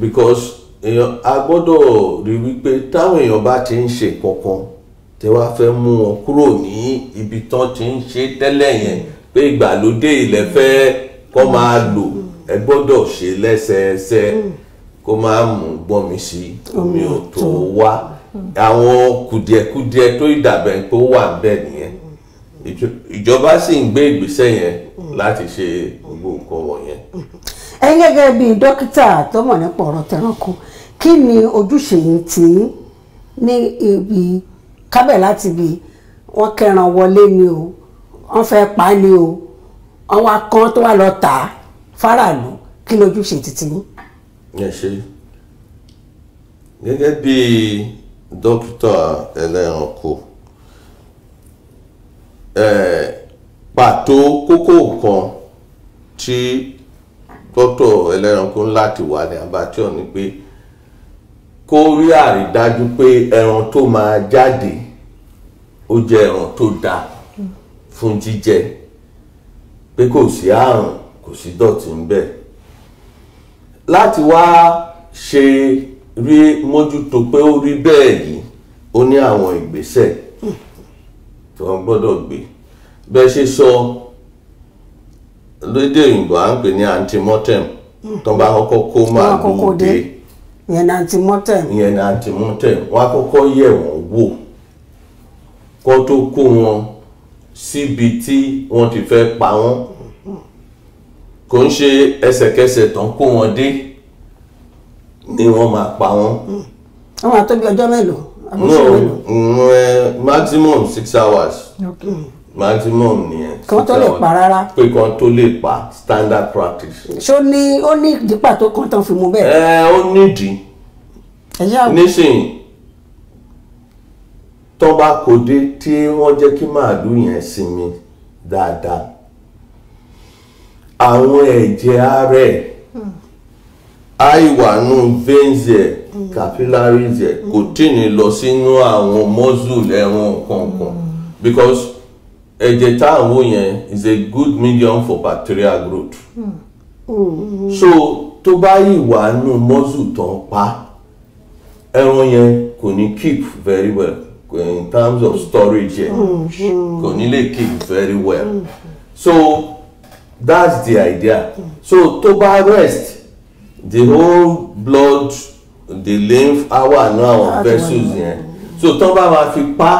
because èèyàn a gbọ́dọ̀ rí wípé táwọn èèyàn bá ti ń ṣe kankan tẹ wá fẹ́ mú wọn kúrò ní ibi tán ti ń ṣe tẹ́lẹ̀ yẹn pé ìgbàlódé ilẹ̀ fẹ́ kọ́ máa lò ẹ gbọ́dọ̀ ṣe lẹ́sẹẹsẹ kó máa mú gbọ́n mi sí omi ò tó wá àwọn kùdìẹ̀kùdìẹ tó ìdàbẹ̀ pé ó wà bẹ́ẹ̀ nìyẹn ìjọba sì ń gbé ìgbésẹ̀ yẹn láti ṣe gbogbo nǹkan wọ̀nyẹn. ẹ gẹ́gẹ́ bí dókítà tó nípa ọ̀rọ̀ tẹranko kí ni ojúṣe yìí ti ní ibi kábẹ̀ láti bi wọ́n kẹran wọlé ni o wọ́n fẹ́ pa ni o àwọn akán tó wà lọ tà á fáráàlú kí lójú ṣe títí yín. ẹ ṣe gẹ́gẹ́ bí dókítà ẹlẹ́ranko pàtó kókó kan tí dókítà ẹlẹ́ranko láti wà ní abatiọ́ ni pé kó rí àrídájú pé ẹran tó máa jáde ó jẹ ẹran tó dáa fún jíjẹ pé kò sí àrùn kò sí dọ̀tí ń bẹ̀ láti wá ṣe rí mójútó pé ó rí bẹ́ẹ̀ yìí ó ní àwọn ìgbésẹ̀ tí wọ́n gbọ́dọ̀ gbé bẹ́ ṣe sọ lédè òyìnbó à ń pè ní antimotem hmm. tó bá kọ́kọ́ kó màálù dé ìyẹn ni antimotem ìyẹn ni antimotem wọ́n á kọ́kọ́ yẹ̀ wọ́n wò kó tó kó wọn síbi tí wọ́n ti fẹ́ pa wọ́n kò ń ṣe ẹsẹ̀kẹsẹ̀ tán kó wọn dé ni wọ́n máa pa wọ́n. àwọn àtọ́bí ọjọ́ mélòó àbúṣe mélòó. no mm, eh, maximum six hours. maximum nìyẹn. kan tó lè pa rárá. pé kan tó lè pa standard practice. ṣó ní ó ní ìdí pàtó kan tán fi mú bẹ́ẹ̀. Eh, ẹ ó nídìí nísìnyí tó bá kó dé tí wọ́n jẹ́ kí màálù yẹn sinmi dáadáa àwọn ẹ̀jẹ̀ ara ẹ̀ àìwànú veins ẹ̀ capillaries ẹ̀ kò tí ní lọ sínú àwọn muscle ẹ̀wọ̀n kankan because ẹ̀jẹ̀ tá à ń yẹn is a good medium for bacterial growth so tó bá ìwànú muscle tán pa ẹran yẹn kò ní keep very well in terms of storage here mm, mm. kò ní keep very well mm. so that's the idea so to bá rest the whole blood the lymph awa nu àwọn vessels yẹn so to bá ma fi pa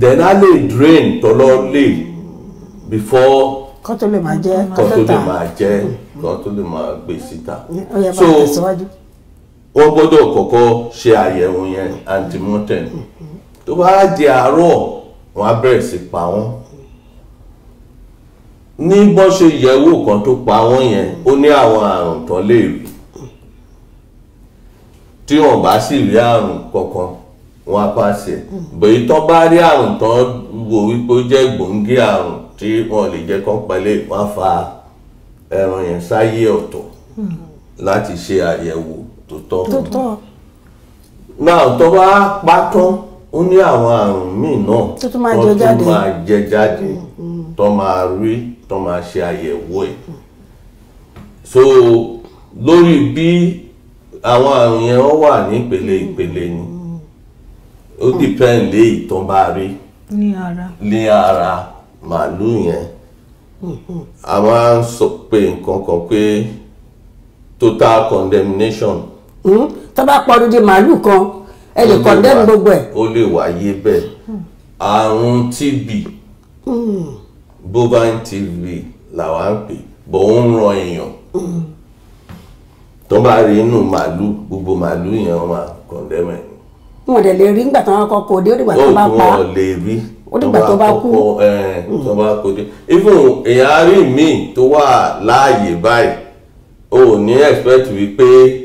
then a lè drain tọ́lọ́ lè before kọ́ tó lè máa jẹ́ kọ́ tó lè máa jẹ́ kọ́ lè máa gbé síta so wọ́n gbọ́dọ̀ kọ́kọ́ ṣe àyẹ̀wò yẹn antimotem tó bá di àárọ̀ wọ́n á bẹ̀rẹ̀ sí pa wọ́n ní bọ́n ṣe yẹ̀wò kan tó pa wọ́n yẹn ó ní àwọn àrùn tán lè rí tí wọ́n bá sì rí àrùn kankan wọ́n á pàṣẹ bẹ́ẹ̀ tó bá rí àrùn tán wò wípé ó jẹ́ gbòǹgì àrùn tí wọ́n lè jẹ́ kán pẹ́lẹ́ wọ́n á fa ẹran yẹn sáyé ọ̀tọ̀ hmm. láti ṣe àyẹ̀wò tó tọ́ náà tó bá pa tán ó ní àwọn àrùn míì náà tó tún máa jẹ jáde mm, mm. tó máa rí tó máa ṣe àyẹ̀wò ẹ̀ mm. so lórí bí àwọn àrùn yẹn wọ́n wà ní ìpele ìpele ni ó depend lé ìtàn bá rí ní ara màlúù yẹn a máa ń sọ pé nǹkan kan pé total condemnation. Hmm? tó bá pa odidi màálù kan ẹ lè condemn gbogbo ẹ̀. ó lè wáyé bẹ́ẹ̀ àrùn TB hmm. bovine TB làwa ń pè bó ń ran èèyàn hmm. tó bá rí inú màálù gbogbo màálù yẹn wọn máa condemn ẹ̀. wọn ò dẹ̀ lè rí nígbà tí wọn kọ kò dé ó dìgbà tó bá pa ó lè rí ó dìgbà tó bá kú tó bá kú eh, dé even èèyàn rí mi tó wà láàyè báyìí o ò ní expect wípé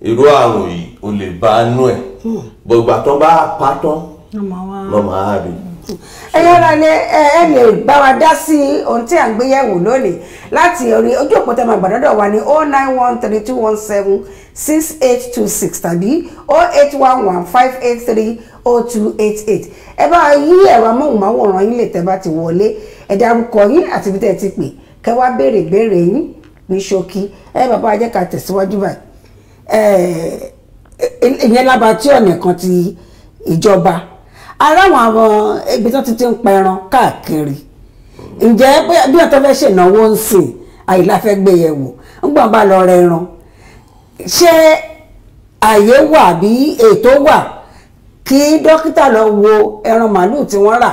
irú àrùn yìí o lè bá a nú ẹ̀ hmm. gbogbo àtọ́ bá a pa tán lọ́mọ á rí i ẹ̀yin ara ni ẹ lè bá wa dá sí ohun tí à ń gbéyẹ̀wò lónìí láti orí ojú òpó tẹ́ máa wa ní oh nine one three two one seven six eight two six tàbí oh eight one one five eight three oh two eight eight ẹ bá yí ẹ̀rọ amóhùnmáwòrán yín lè tẹ́ bá ti wọlé ẹ dárúkọ yín àti ibi tẹ́ ẹ ti pè kẹ́ wá béèrè béèrè yín ní ṣókí ẹ bàbá ajẹ́ka tẹ̀síwájú báyìí. Eh, eh, ìyẹn lábàtí ọ̀nà kan ti ìjọba aráwọn àwọn ibi tó ti ti ń pa ẹran káàkiri ǹjẹ́ bí ọ̀tọ́ fẹ́ ṣènáwó ń sìn àyílá fẹ́ gbé yẹ̀ wò ń gbọ́n bá lọ rẹ ẹran ṣé àyè wà bí ètò wà kí dókítà lọ wo ẹran màálù tí wọ́n rà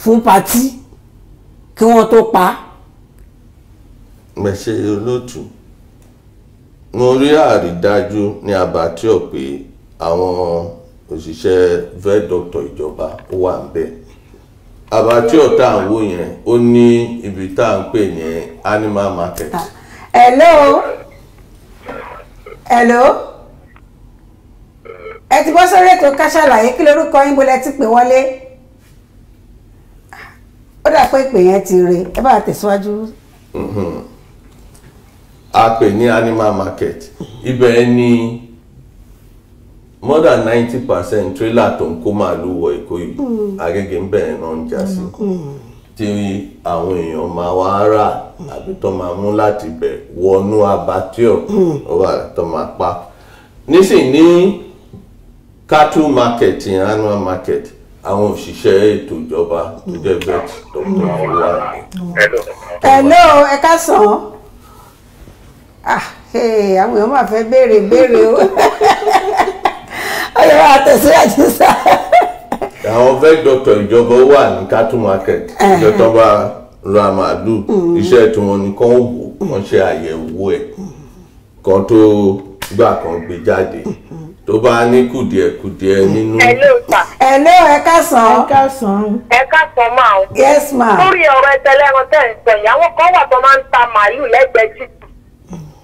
fún patí kí wọ́n tó pa á. olóòtú mo rí àrídájú ní abatio pé àwọn òṣìṣẹ́ vet doctor ìjọba ó wà ń bẹ̀ abatio tá à ń wò yẹn ó ní ibi tá à ń pè ní animal market. Ah, hello hello ẹ ti bọ́ sórí ètò Ká Sálàyé kí lorúkọ yín bolẹ̀ ti pè wọlé ah, ó dà pé ìpè yẹn ti re ẹ bá tẹ̀síwájú. Mhm a pè ní animal market ibẹ̀ ni more than ninety percent trailer tó ń kó màálùú wọ Èkó yìí mm. Agége ń bẹ̀rẹ̀ náà ń já sí mm. Mm. tí àwọn èèyàn máa wá rà àbí tó máa mú láti bẹ̀ wọnú abattoir ó wà tó máa pa nísìnyí cattle market yẹn animal market àwọn òṣìṣẹ́ ètò ìjọba tó jẹ́ vet dr awolowara. hello ẹ sàn án. Ah, àwọn èèyàn máa fẹ́ béèrè béèrè o ọyọ máa tẹ̀síwájú sá. àwọn vet doctor ìjọba wà ní cattle market ìjọba bá ra màálù mm-hmm. iṣẹ́ tiwọn ni kán wò wọ́n ṣe àyẹ̀wò ẹ̀ mm-hmm. kan tó gbà kan gbé jáde mm-hmm. tó bá ní kùdìẹ̀kùdìẹ̀ nínú. ẹ ló ta. ẹ ló ẹ kásán. ẹ kásán. ẹ kásán máa. yes ma. lórí ọ̀rọ̀ ẹtẹlẹ́ran tẹ̀ ń sọ ìyàwó kan wà tó máa ń ta màálù lẹ́gbẹ̀ẹ́ títì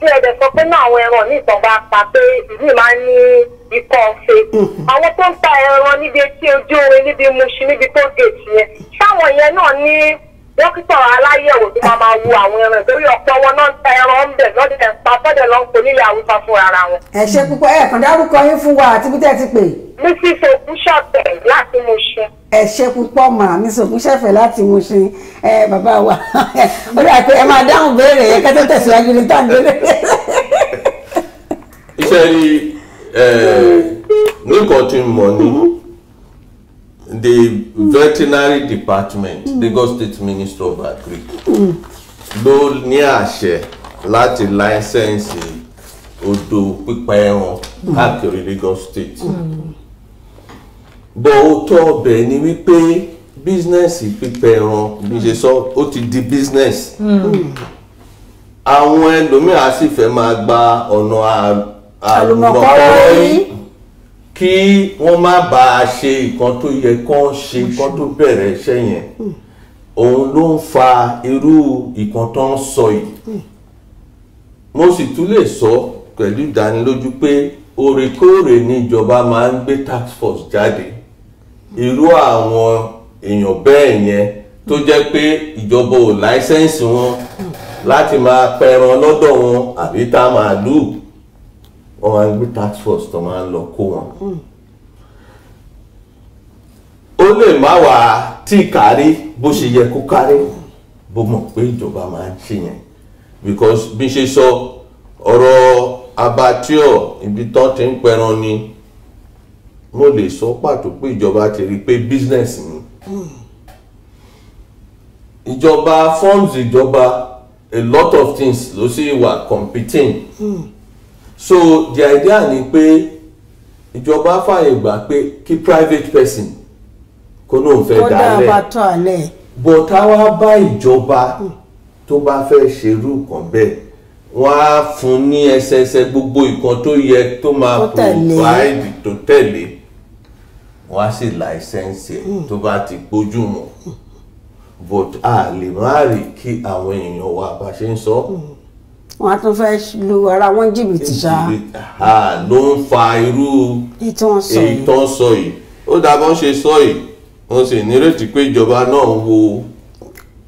tí ẹ dẹ̀ sọ pé náà àwọn ẹran ní bá pa pé ìlú máa ń ní ikọ́ ọ̀fẹ́ hmm. àwọn tó ń ta ẹran níbi etí ojú orin níbi muṣu níbi tó gèètì yẹn sáwọn yẹn náà ní dókítà aláyẹ̀wò tó máa máa wo àwọn ẹran ìtòrí ọ̀pọ̀ wọn náà lọ́dẹ̀ ẹ̀ pa fọ́dẹ̀ lọ ń nílé àwùfà fún ara wọn. ẹ ṣe púpọ̀ ẹ kàn dárúkọ yín fún wa àti bí tẹ́ ti pè. mrs ogunṣàfẹ́ láti mo ṣe. ẹ ṣe púpọ̀ mà mrs ogunṣàfẹ́ láti mo ṣe ẹ bàbá wa ó dà pé ẹ máa dáhùn béèrè yẹn kẹ́tọ́ tẹ̀síwájú ní tàǹdélé. iṣẹ́ rí nǹkan tí mo ní the veterinary department Lagos State Minister of Agric ló ní àṣẹ láti láísẹ̀nsì odò pípa ẹran káàkiri Lagos State bọ́ ó tọ́ ọbẹ̀ ni wípé bísínẹ́sì pípa ẹran bí ṣe sọ ó ti di bísínẹ́sì àwọn ẹlòmíràn sì fẹ́ máa gba ọ̀nà àlùmọ̀kọ́rọ́ yìí kí wọ́n má bàa ṣe nǹkan tó yẹ kán ṣe nǹkan tó bẹ̀rẹ̀ iṣẹ́ yẹn òun ló ń fa irú nǹkan tó ń sọ yìí mo sì tún lè sọ pẹ̀lú ìdánilójú pé òrèkóòrè ni ìjọba máa ń gbé tax force jáde irú àwọn èèyàn bẹ́ẹ̀ yẹn tó jẹ́ pé ìjọba ò láísẹ́ǹsì wọn láti máa pẹran lọ́dọ̀ wọn àbí tá a máa lù wọ́n máa ń gbé tax force tó máa ń lọ kó wọn. ó lè má wàá tí kárí bó ṣe yẹ kó kárí bó mọ̀ pé ìjọba máa ń ṣe yẹn because bí n ṣe sọ ọ̀rọ̀ abatio ibi tán ti ń pẹran ni mo lè sọ pàtó pé ìjọba ti rí i pé business ni ìjọba forms ìjọba a lot of things ló sì wà competing so the idea ni pé ìjọba fààyè gbà pé kí private person kó lóun fẹ́ dálẹ̀ bọ̀tá wa bá ìjọba. Mm tó bá fẹ́ ṣerú nǹkan bẹ́ẹ̀ wọ́n á fún ní ẹsẹẹsẹ gbogbo nǹkan tó yẹ tó máa provide tó tẹ̀lé wọ́n á sì láìsẹ́ǹsì ẹ̀ hmm. tó bá ti gbójú mọ́ but a lè má rí kí àwọn èèyàn wa bá ṣe ń sọ. Hmm. wọ́n á tún fẹ́ lu ara wọn jìbìtì ṣá. ló ń fa irú ìtàn sọ yìí ó dàbọ̀ ṣe sọ yìí wọ́n sì nírètí pé ìjọba náà wo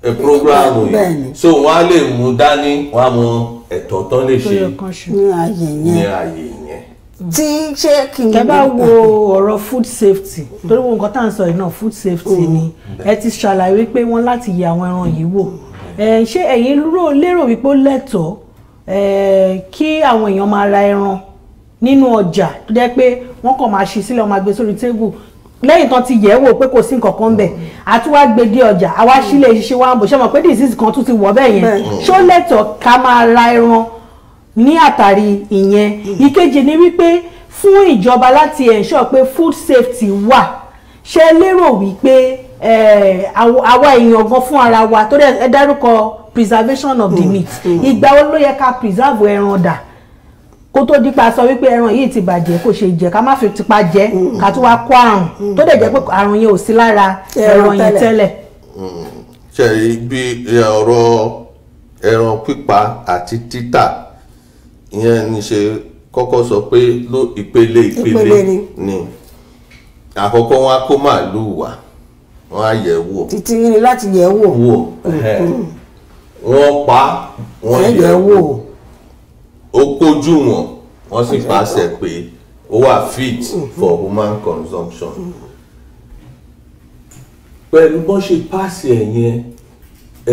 programu yìí so wọn á lè mú dání wọn á mọ ẹ̀tọ́ tó lè ṣe ní ààyè yẹn tí ṣé kí n. ẹ wo ọ̀rọ̀ food safety torí wọn nǹkan tá à ń sọ yìí náà food safety mm. ni ẹ ti ṣàlàyé pé wọ́n láti yẹ àwọn ẹran yìí wò ṣé ẹ̀yin lérò wípé ó lẹ́tọ̀ọ́ kí àwọn èèyàn máa ra ẹran nínú ọjà tó jẹ́ pé wọ́n kàn máa ṣí sílẹ̀ wọ́n máa gbé sórí tébù lẹ́yìn tán ti yẹ̀ wò pé kò sí nǹkan kan bẹ̀ àti wá gbèdé ọjà àwa mm. sílẹ̀ ṣiṣẹ́ wa ń bọ̀ ṣe mọ̀ pé disease kan tún ti wọ̀ bẹ́ẹ̀ yẹn ṣó lẹ́tọ̀ọ́ ká máa ra ẹran ní àtàrí ìyẹn mm. ìkejì ni wípé fún ìjọba láti ensure pé food safety wà ṣe lérò wípé àwa èèyàn gan fún ara wa tó ẹ dárúkọ preservation of the mm. meat ìgbà wo ló yẹ ká preserve ẹran dà kó tó dípa sọ wípé ẹran yìí ti bàjẹ́ kò ṣe jẹ ká má fi tipa jẹ mm. ká tó wá kó àrùn mm. tó dẹ̀ jẹ́ pé àrùn yẹn ò sí lára ẹran yẹn tẹ́lẹ̀. Mm. ṣe rí ọ̀rọ̀ ẹran pípa àti títà ìyẹn ní ṣe kọ́kọ́ sọ pé ló ìpele ìpele ni àkọ́kọ́ wọn á kó màálùú wá wọn á yẹ̀ wò. títí ni láti yẹ̀ wò. wò wọ́n pa wọ́n yẹ̀ wò ó kójú wọn wọ́n sì pàṣẹ pé ó wà fit for human consumption pẹ̀lú bọ́n ṣe páàsì ẹ̀ yẹn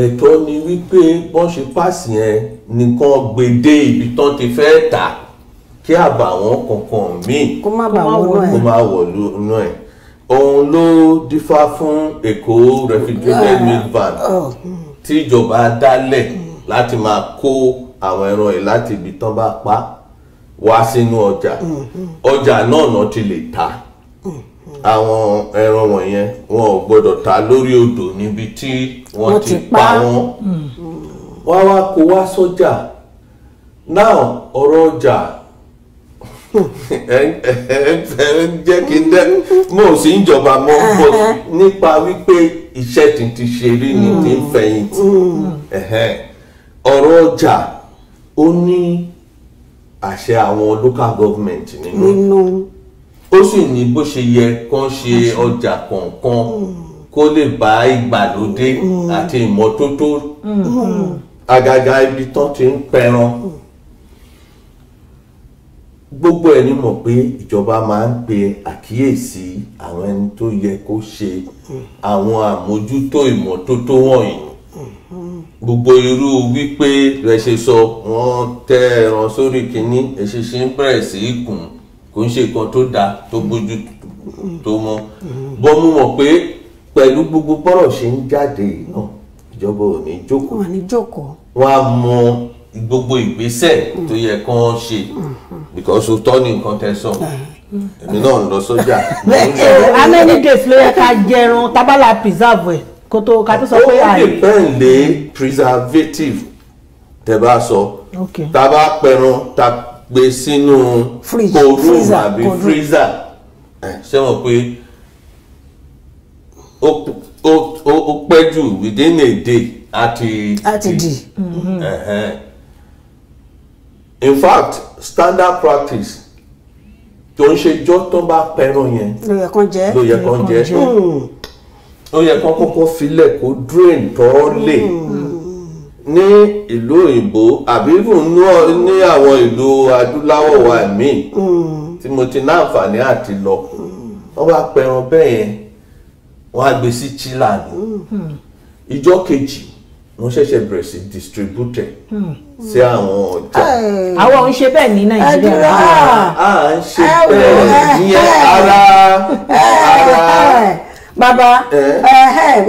ẹ̀tọ́ ni wípé bọ́n ṣe páàsì yẹn nìkan gbèdé ibi tán ti fẹ́ tà kí àbàwọ́n kankan míì kó má wọ̀lú náà ẹ̀ òun ló dífá fún Èkó refugees milk van oh. tí ìjọba dálẹ̀ láti máa kó àwọn ẹran yìí láti ibi tán bá pa wá sínú ọjà ọjà náà náà ti lè ta àwọn ẹran wọ̀nyẹn wọn ò gbọ́dọ̀ ta lórí odò níbi tí wọ́n ti pa wọ́n hmm. wá wá kó wá sọ́jà náà ọ̀rọ̀ ọjà ẹ jẹ́ kí n dẹ́ mo ò sí ìjọba mọ́ bọ́ nípa wípé iṣẹ́ tí ti ṣe rí ni hmm. ti ń fẹ̀yìntì hmm. ọ̀rọ̀ ọjà ó ní àṣẹ àwọn local government nínú ó sì ní bó ṣe yẹ kán ṣe ọjà kọ̀ọ̀kan hmm. kó lè bá ìgbàlódé hmm. àti ìmọ́tótó hmm. àgàgà ibi tán ti ń pẹran gbogbo ẹni mọ̀ pé ìjọba máa ń pe àkíyèsí àwọn ẹni tó yẹ kó ṣe àwọn àmójútó ìmọ́tótó wọ̀nyí gbogbo irú wípé rẹ ṣe sọ wọn tẹ ẹran sórí kínní èṣìṣì ń bẹ̀rẹ̀ sí í kùn kò ń ṣe nǹkan tó dáa tó bójú tó mọ bọ́ mo mọ̀ pé pẹ̀lú gbogbo bọ́rọ̀ ṣe ń jáde náà ìjọba ò ní jókòó wọn ní jókòó wọn á mọ gbogbo ìgbésẹ̀ tó yẹ kán ṣe because òótọ́ ni nǹkan tẹ sọ èmi náà ń lọ sójà. how many ká jẹrun tábàlà preserve ẹ̀ kó tó sọ pé àyè. ó depend lé preservative tẹ bá sọ tá bá pẹran tá gbé sínú kòrú àbí freezer ṣé wọn pé ó pẹ́ jù within a day àti àti di. in fact standard practice tó ń ṣe jọ́ tó bá pẹran yẹn ló yẹ kán jẹ ló yẹ kán jẹ ó yẹ kó kọ́kọ́ filẹ̀ kó drain tọ́ lè hmm. ní ìlú òyìnbó àbí ní àwọn ìlú adúláwọ̀ wa míì hmm. tí mo ti láǹfààní àti lọ hmm. wọ́n wá pẹran bẹ́ẹ̀ yẹn wọ́n á gbé sí chila ni ìjọ kejì wọ́n ṣẹ̀ṣẹ̀ bẹ̀rẹ̀ sí distribute sí àwọn ọjà. àwọn ń ṣe bẹ́ẹ̀ ní nàìjíríà. Ah, à ń ṣe bẹ́ẹ̀ ní ara ara bàbá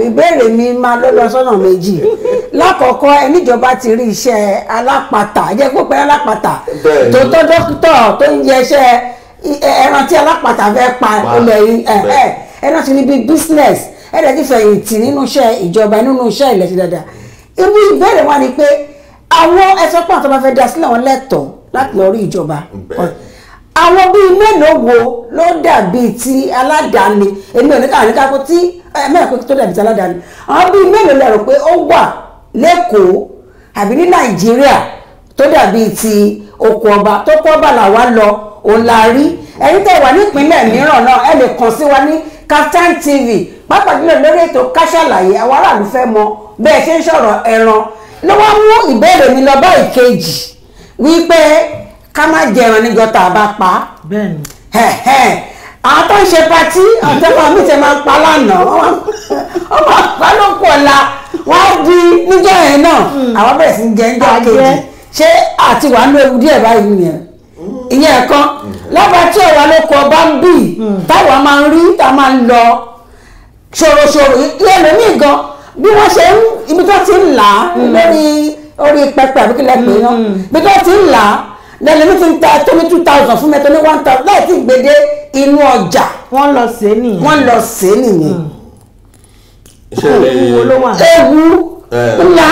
ìbéèrè mi máa ló lọ sọ́nà méjì lákọ̀ọ́kọ́ ẹ níjọba ti rí iṣẹ́ alápatà jẹ́ kó pẹ́ alápatà tó tọ́ dókítà tó ń yẹ iṣẹ́ ẹran tí alápatà fẹ́ pa ilẹ̀ ẹran ti ní bí business ẹ̀rẹ́ ti fẹ̀yìntì nínú iṣẹ́ ìjọba nínú iṣẹ́ ilẹ̀ ti dada irú ìbéèrè wa ni pé àwọn ẹ̀sọ́ pàtó bá fẹ́ dá sílẹ̀ wọn lẹ́tọ̀ọ́ láti lọ rí ìjọba àwọn bíi mélòó wo ló dàbí ti aládàáni èmi ò ní káàní ká kó tí mẹ́ẹ̀kọ́ tó dàbí ti aládàáni àwọn bíi mélòó lẹ rò pé ó wà lẹ́kọ̀ọ́ àbí ní nàìjíríà tó dàbí ti oko ọba tó kọ́ ọba làwa lọ òun la rí ẹ̀yin tẹ̀ wà nípínlẹ̀ mìíràn náà ẹ lè kàn sí wa ní Kaftan TV pàápàá jùlọ lórí ètò Ká Sálàyé àwọn aráàlú fẹ́ mọ bẹ́ẹ̀ ṣe ń sọ̀rọ̀ ẹran ló mú ìbéèrè mi lọ ká má jẹ ẹran níjọ tá a bá pa àwọn tó ń ṣe patí àtẹwà mi tẹ máa ń pa lánàá wọn máa pa lóko ọ̀la wọn á di níjọ yẹn náà hmm. àwọn bẹ̀rẹ̀ sí jẹ níjọ kejì ṣé àti wàá lo ewu díẹ̀ báyìí nìyẹn hmm. ìyẹn ẹ̀kan hmm. lọ́ba tí ọ̀wà lóko ọba ń bì táwa máa ń rí tá a máa ń lọ ṣòroṣòro lẹ́nu ní gan bí wọ́n ṣe ń ibi tó ti ń là á lórí orí pẹpẹ àbíkílẹ̀ pé náà ibi tó ti ń là á lẹ́nu mi ti ń ta tó ní two thousand fún mi tó ní one thousand láì tí gbèdé inú ọjà. wọ́n lọ sèé nìyẹn. wọ́n lọ sèé nìyẹn. ewu hmm. ló wà. ewu ńlá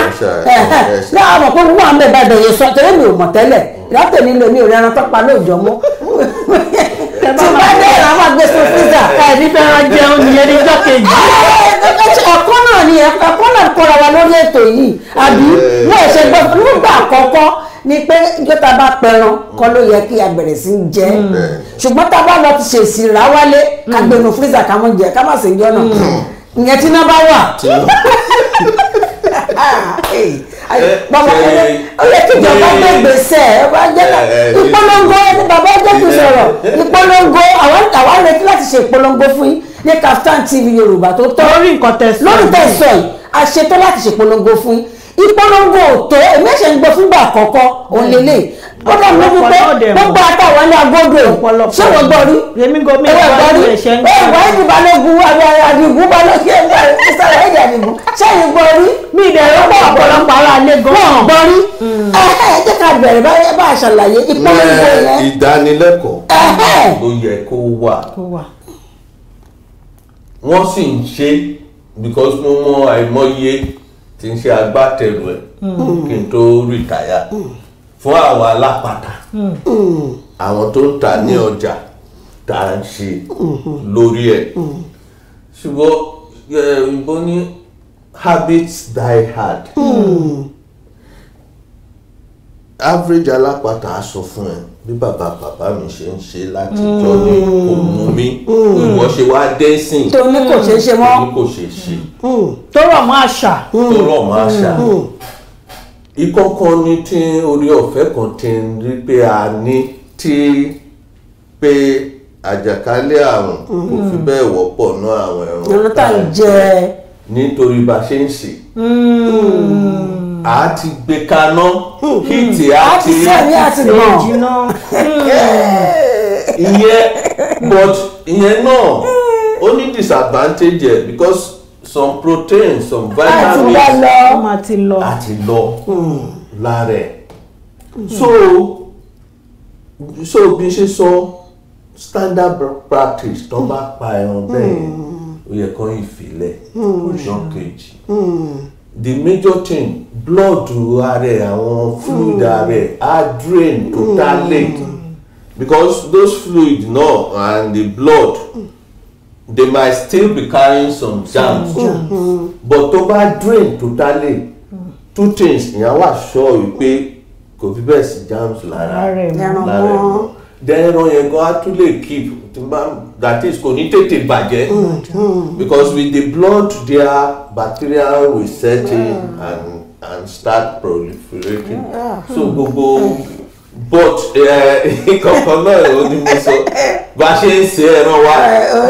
ní àwọn ọmọ kó wà ń bẹ̀ bá bẹ̀yẹ sọ tẹ́lẹ̀ mi ò mọ̀ tẹ́lẹ̀ ìdáàtẹ̀ nílò mi ò rí ẹran tó pa lóòjọ́ mọ́ tí bá dé ẹ̀rọ wà gbé sun fúnzà. ẹni fẹ́ràn jẹun nìyẹn ní ọjọ́ kejì. Ah, ẹ̀kọ́ náà ni ẹ̀kọ́ náà kọ́ra wa lórí ètò yìí àbí wọ́n ẹ̀ṣẹ̀ gbọ́ nígbà àkọ́kọ́ ni pé njó ta bá pẹran kọ́ ló yẹ kí a bẹ̀rẹ̀ sí í jẹ mm. ṣùgbọ́n ta bá lọ ti ṣèṣì rà wálé ká mm. gbẹnu freezer ká mọ̀ jẹ ká má sì jọ náà mm. ìyẹn tí iná bá wà ah, eh, bàbá yẹn eh, ó yẹ kí ìjọba eh. gbé gbèsè ọba jẹlá ìpolongo ni bàbá jẹ kí sọ̀rọ̀ ìpolongo àwa retí láti ṣe ìpolongo fún yín ní Kaftan TV Yorùbá tó tọ́ lórí nǹkan tẹ̀sán yìí a ṣetán láti ṣèpolongo fún yín ìpolongo òtó èmi ẹ̀ṣẹ̀ ń gbọ́ fúngbà àkọ́kọ́ òun lélẹ̀ ó dà mí lójú pé gbogbo àtàwọn ní agogo ṣé wọ́n gbọ́ rí ẹ̀wọ̀ gbọ́ rí ẹ̀wọ̀ ẹ̀dùn balógun àdìgún balógun ìsàlẹ̀ ẹ̀dùn àdìgún ṣẹ́yìn gbọ́ rí mi ìdẹ̀rọ̀ pọ̀ ọ̀pọ̀lọpọ̀ ara alẹ́ gan-an wọ́n gbọ́ rí mm. ẹ jẹ́ ká bẹ̀rẹ̀ báyẹn bá ṣàlàyé ìpolongo yẹn. ìdánilẹ́kọ̀ọ́ ló yẹ kó wà wọ́n sì ń ṣe because mo mọ àìmọye tí ń ṣe agbátẹrù ẹ̀ hmm. kí n tó rìtáyà hmm. fún àwọn alápatà hmm. àwọn tó ń tà ní ọjà tá à ń ṣe lórí ẹ̀ ṣùgbọ́n òyìnbó ní habits die hard average alápatà á sọ fún ẹ bí bàbá bàbá mi ṣe ń ṣe látijọ́ ni kò mú mm. mi mm. ìwọ ṣe wá dẹ́sìn tó ní kò ṣeé ṣe mọ́ tó ní kò ṣeé ṣe mm. tó rọ̀ àṣà tó rọ̀ àṣà ìkọ̀kọ̀ ni tí orí ọ̀fẹ́ kan ti ń rí pé a ní tí pé àjàkálẹ̀ àrùn kò fi bẹ́ẹ̀ wọ́pọ̀ ná àwọn ẹran tá à jẹ nítorí bá ṣe ń ṣe a ti gbé kaná hìtì a ti sẹ́ni àti hmm. náà hmm. hmm. ìyẹn but ìyẹn náà ó ní disadvantage ẹ̀ because some protein some vitamins àti lọ àti lọ lára ẹ̀ so so bí n ṣe sọ standard practice tó bá pa ẹran bẹ́ẹ̀ ó yẹ kó ìfilẹ̀ ọjọ́ kejì the major thing blood ara ẹ àwọn fluid ara ẹ á drain hmm. totally mm. because those fluid no and the blood hmm. they might still be carrying some germs mm but to bá drain totally hmm. two things ìyẹn wà sure wípé kò fi bẹ́ẹ̀ sí germs lara. lára ẹ̀ mọ́ dẹ́rọ yẹn gan á tún lè keep tí n that is kò ní tètè bàjẹ́ hmm, hmm. because with the blood their bacteria will set in hmm. and and start proliferating yeah. so gbogbo but ìkọ̀kan eh, náà ò ní mo sọ bá a ṣe ń ṣe ẹran wa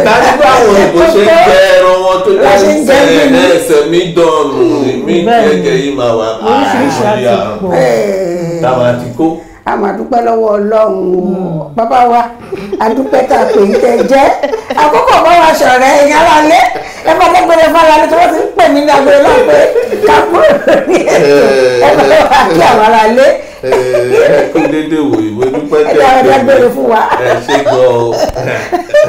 kájú eh, oh. àwọn òyìnbó ṣe ń jẹ ẹran wọn tó dá ìṣe ẹsẹ̀ mi dànù mi kẹ̀kẹ́ yìí máa wà á ìyá táwọn àti kó a máa dúpẹ́ lọ́wọ́ ọlọ́run o bàbá wa a dúpẹ́ tá a pè ń tẹ jẹ́ àkókò bá wa ṣọ̀rẹ́ ẹ̀yìn ara lé ẹ bá lẹ́gbẹ̀rẹ̀ fara lé tí wọ́n ti ń pè mí ní agbèrè náà pé kápúrò ní ètò ẹ bá lọ́wọ́ kí àwọn ara lé. ẹ kú dédé wò ìwé dúpẹ́ tẹ ẹ pè mí ẹ ṣe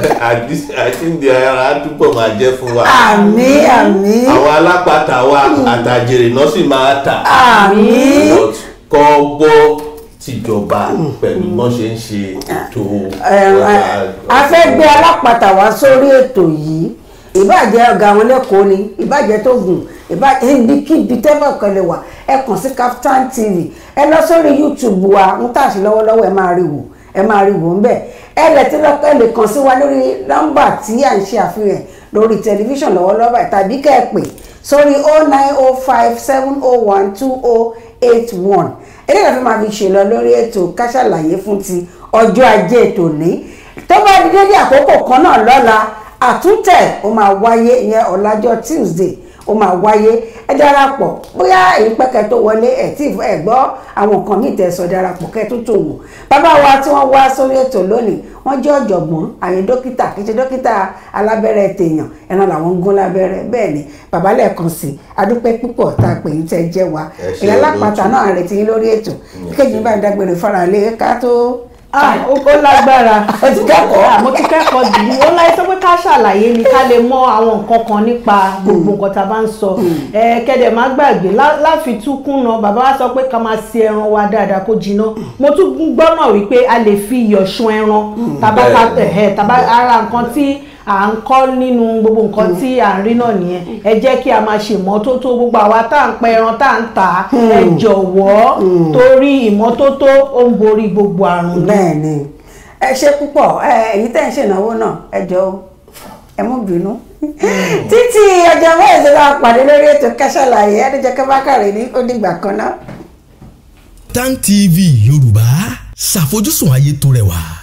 gan-an àtúndì ara dúpọ̀ máa jẹ́ fún wa. àmín àmín. àwọn alápatà wa àtàjèrè náà sì máa tà. àmín. kọ́ bọ́ síjọba hmm. pẹ̀lú bó ṣe ń ṣe ètò. a fẹ́ gbé alápatà wá sórí ètò yìí ìbàjẹ́ ọ̀gá àwọn lẹ́kọ̀ọ́ ni ìbàjẹ́ tó gùn ìbàjẹ́ níbikíbi tẹ́bọ̀ kẹlẹ̀ wà ẹ kàn sí Kaftan TV ẹ lọ sórí YouTube wa ń tàṣí lọ́wọ́lọ́wọ́ ẹ máa rí wò ẹ máa rí wò ń bẹ̀ ẹ lẹ̀ tí lọ́kọ́ ẹ lè kàn sí wa lórí nọ́mbà tí à ń ṣe àfihàn lórí tẹlifíṣàn lọ́wọ́lọ́wọ́ tàbí kẹ́ ẹ pè sórí 09057012081 eléyìí la fi máa fi ṣèlọ lórí ètò ká ṣàlàyé fún ti ọjọ́ ajé tòní tó bá di dédé àkókò kan náà lọ́la àtúntẹ̀ ó máa wáyé ìyẹn ọ̀làjọ́ Tuesday ó máa wáyé ẹ darapọ̀ bóyá èyí pẹ́kẹ́ tó wọlé ẹ̀ tí ẹ gbọ́ àwọn nǹkan míì tẹ̀sọ̀ darapọ̀ kẹ́ tó tò wò bàbá wa tí wọ́n wá sórí ètò lónìí wọ́n jẹ́ ọ̀jọ̀gbọ́n àyè dókítà kì í ṣe dókítà alábẹ́rẹ́ tèèyàn ẹran làwọn ń gún lábẹ́rẹ́ bẹ́ẹ̀ ni bàbá lẹ́ẹ̀kan sí adúpẹ́ púpọ̀ tá a pè yín tẹ́ jẹ́ wa ìyá lápàtà náà àrètí yín lórí ètò kéjì bá dágbére fara lé ká tó Ah, ó lágbára ọtí kẹ́kọ̀ọ́ àmọ́ ah, tí kẹ́kọ̀ọ́ dìbò ó láyé sọ pé ká ṣàlàyé ni ká lè mọ àwọn nǹkan kan nípa gbogbo nǹkan tá a bá ń sọ hmm. hmm. eh, kẹ́dẹ̀ má gbàgbé láfitún kùnà bàbá wa sọ pé ká máa sè ẹran wa dáadáa kó jinná mo tún gbọ́ náà wípé a lè fi iyọ̀ sun ẹran hmm. tàbá ara nǹkan tí à ń kọ́ nínú gbogbo nǹkan tí à ń rí náà nìyẹn ẹ jẹ́ kí a máa ṣe ìmọ́tótó gbogbo àwa tá à ń pa ẹran tá à ń tà á ẹ hmm. jọ̀wọ́ hmm. torí ìmọ́tótó ó ń borí gbogbo àrùn. bẹ́ẹ̀ ni ẹ ṣe púpọ̀ èyí tẹ́ ń ṣènáwó náà ẹ jọ ẹ mú bínú hmm. títí ọjọ́ wẹ́ẹ̀sì náà pàdé lórí ètò Ká Sálàyé Adéjọkẹ́ ní ó kan náà. TAN TV Yorùbá ṣàfojúsùn ayé tó rẹwà.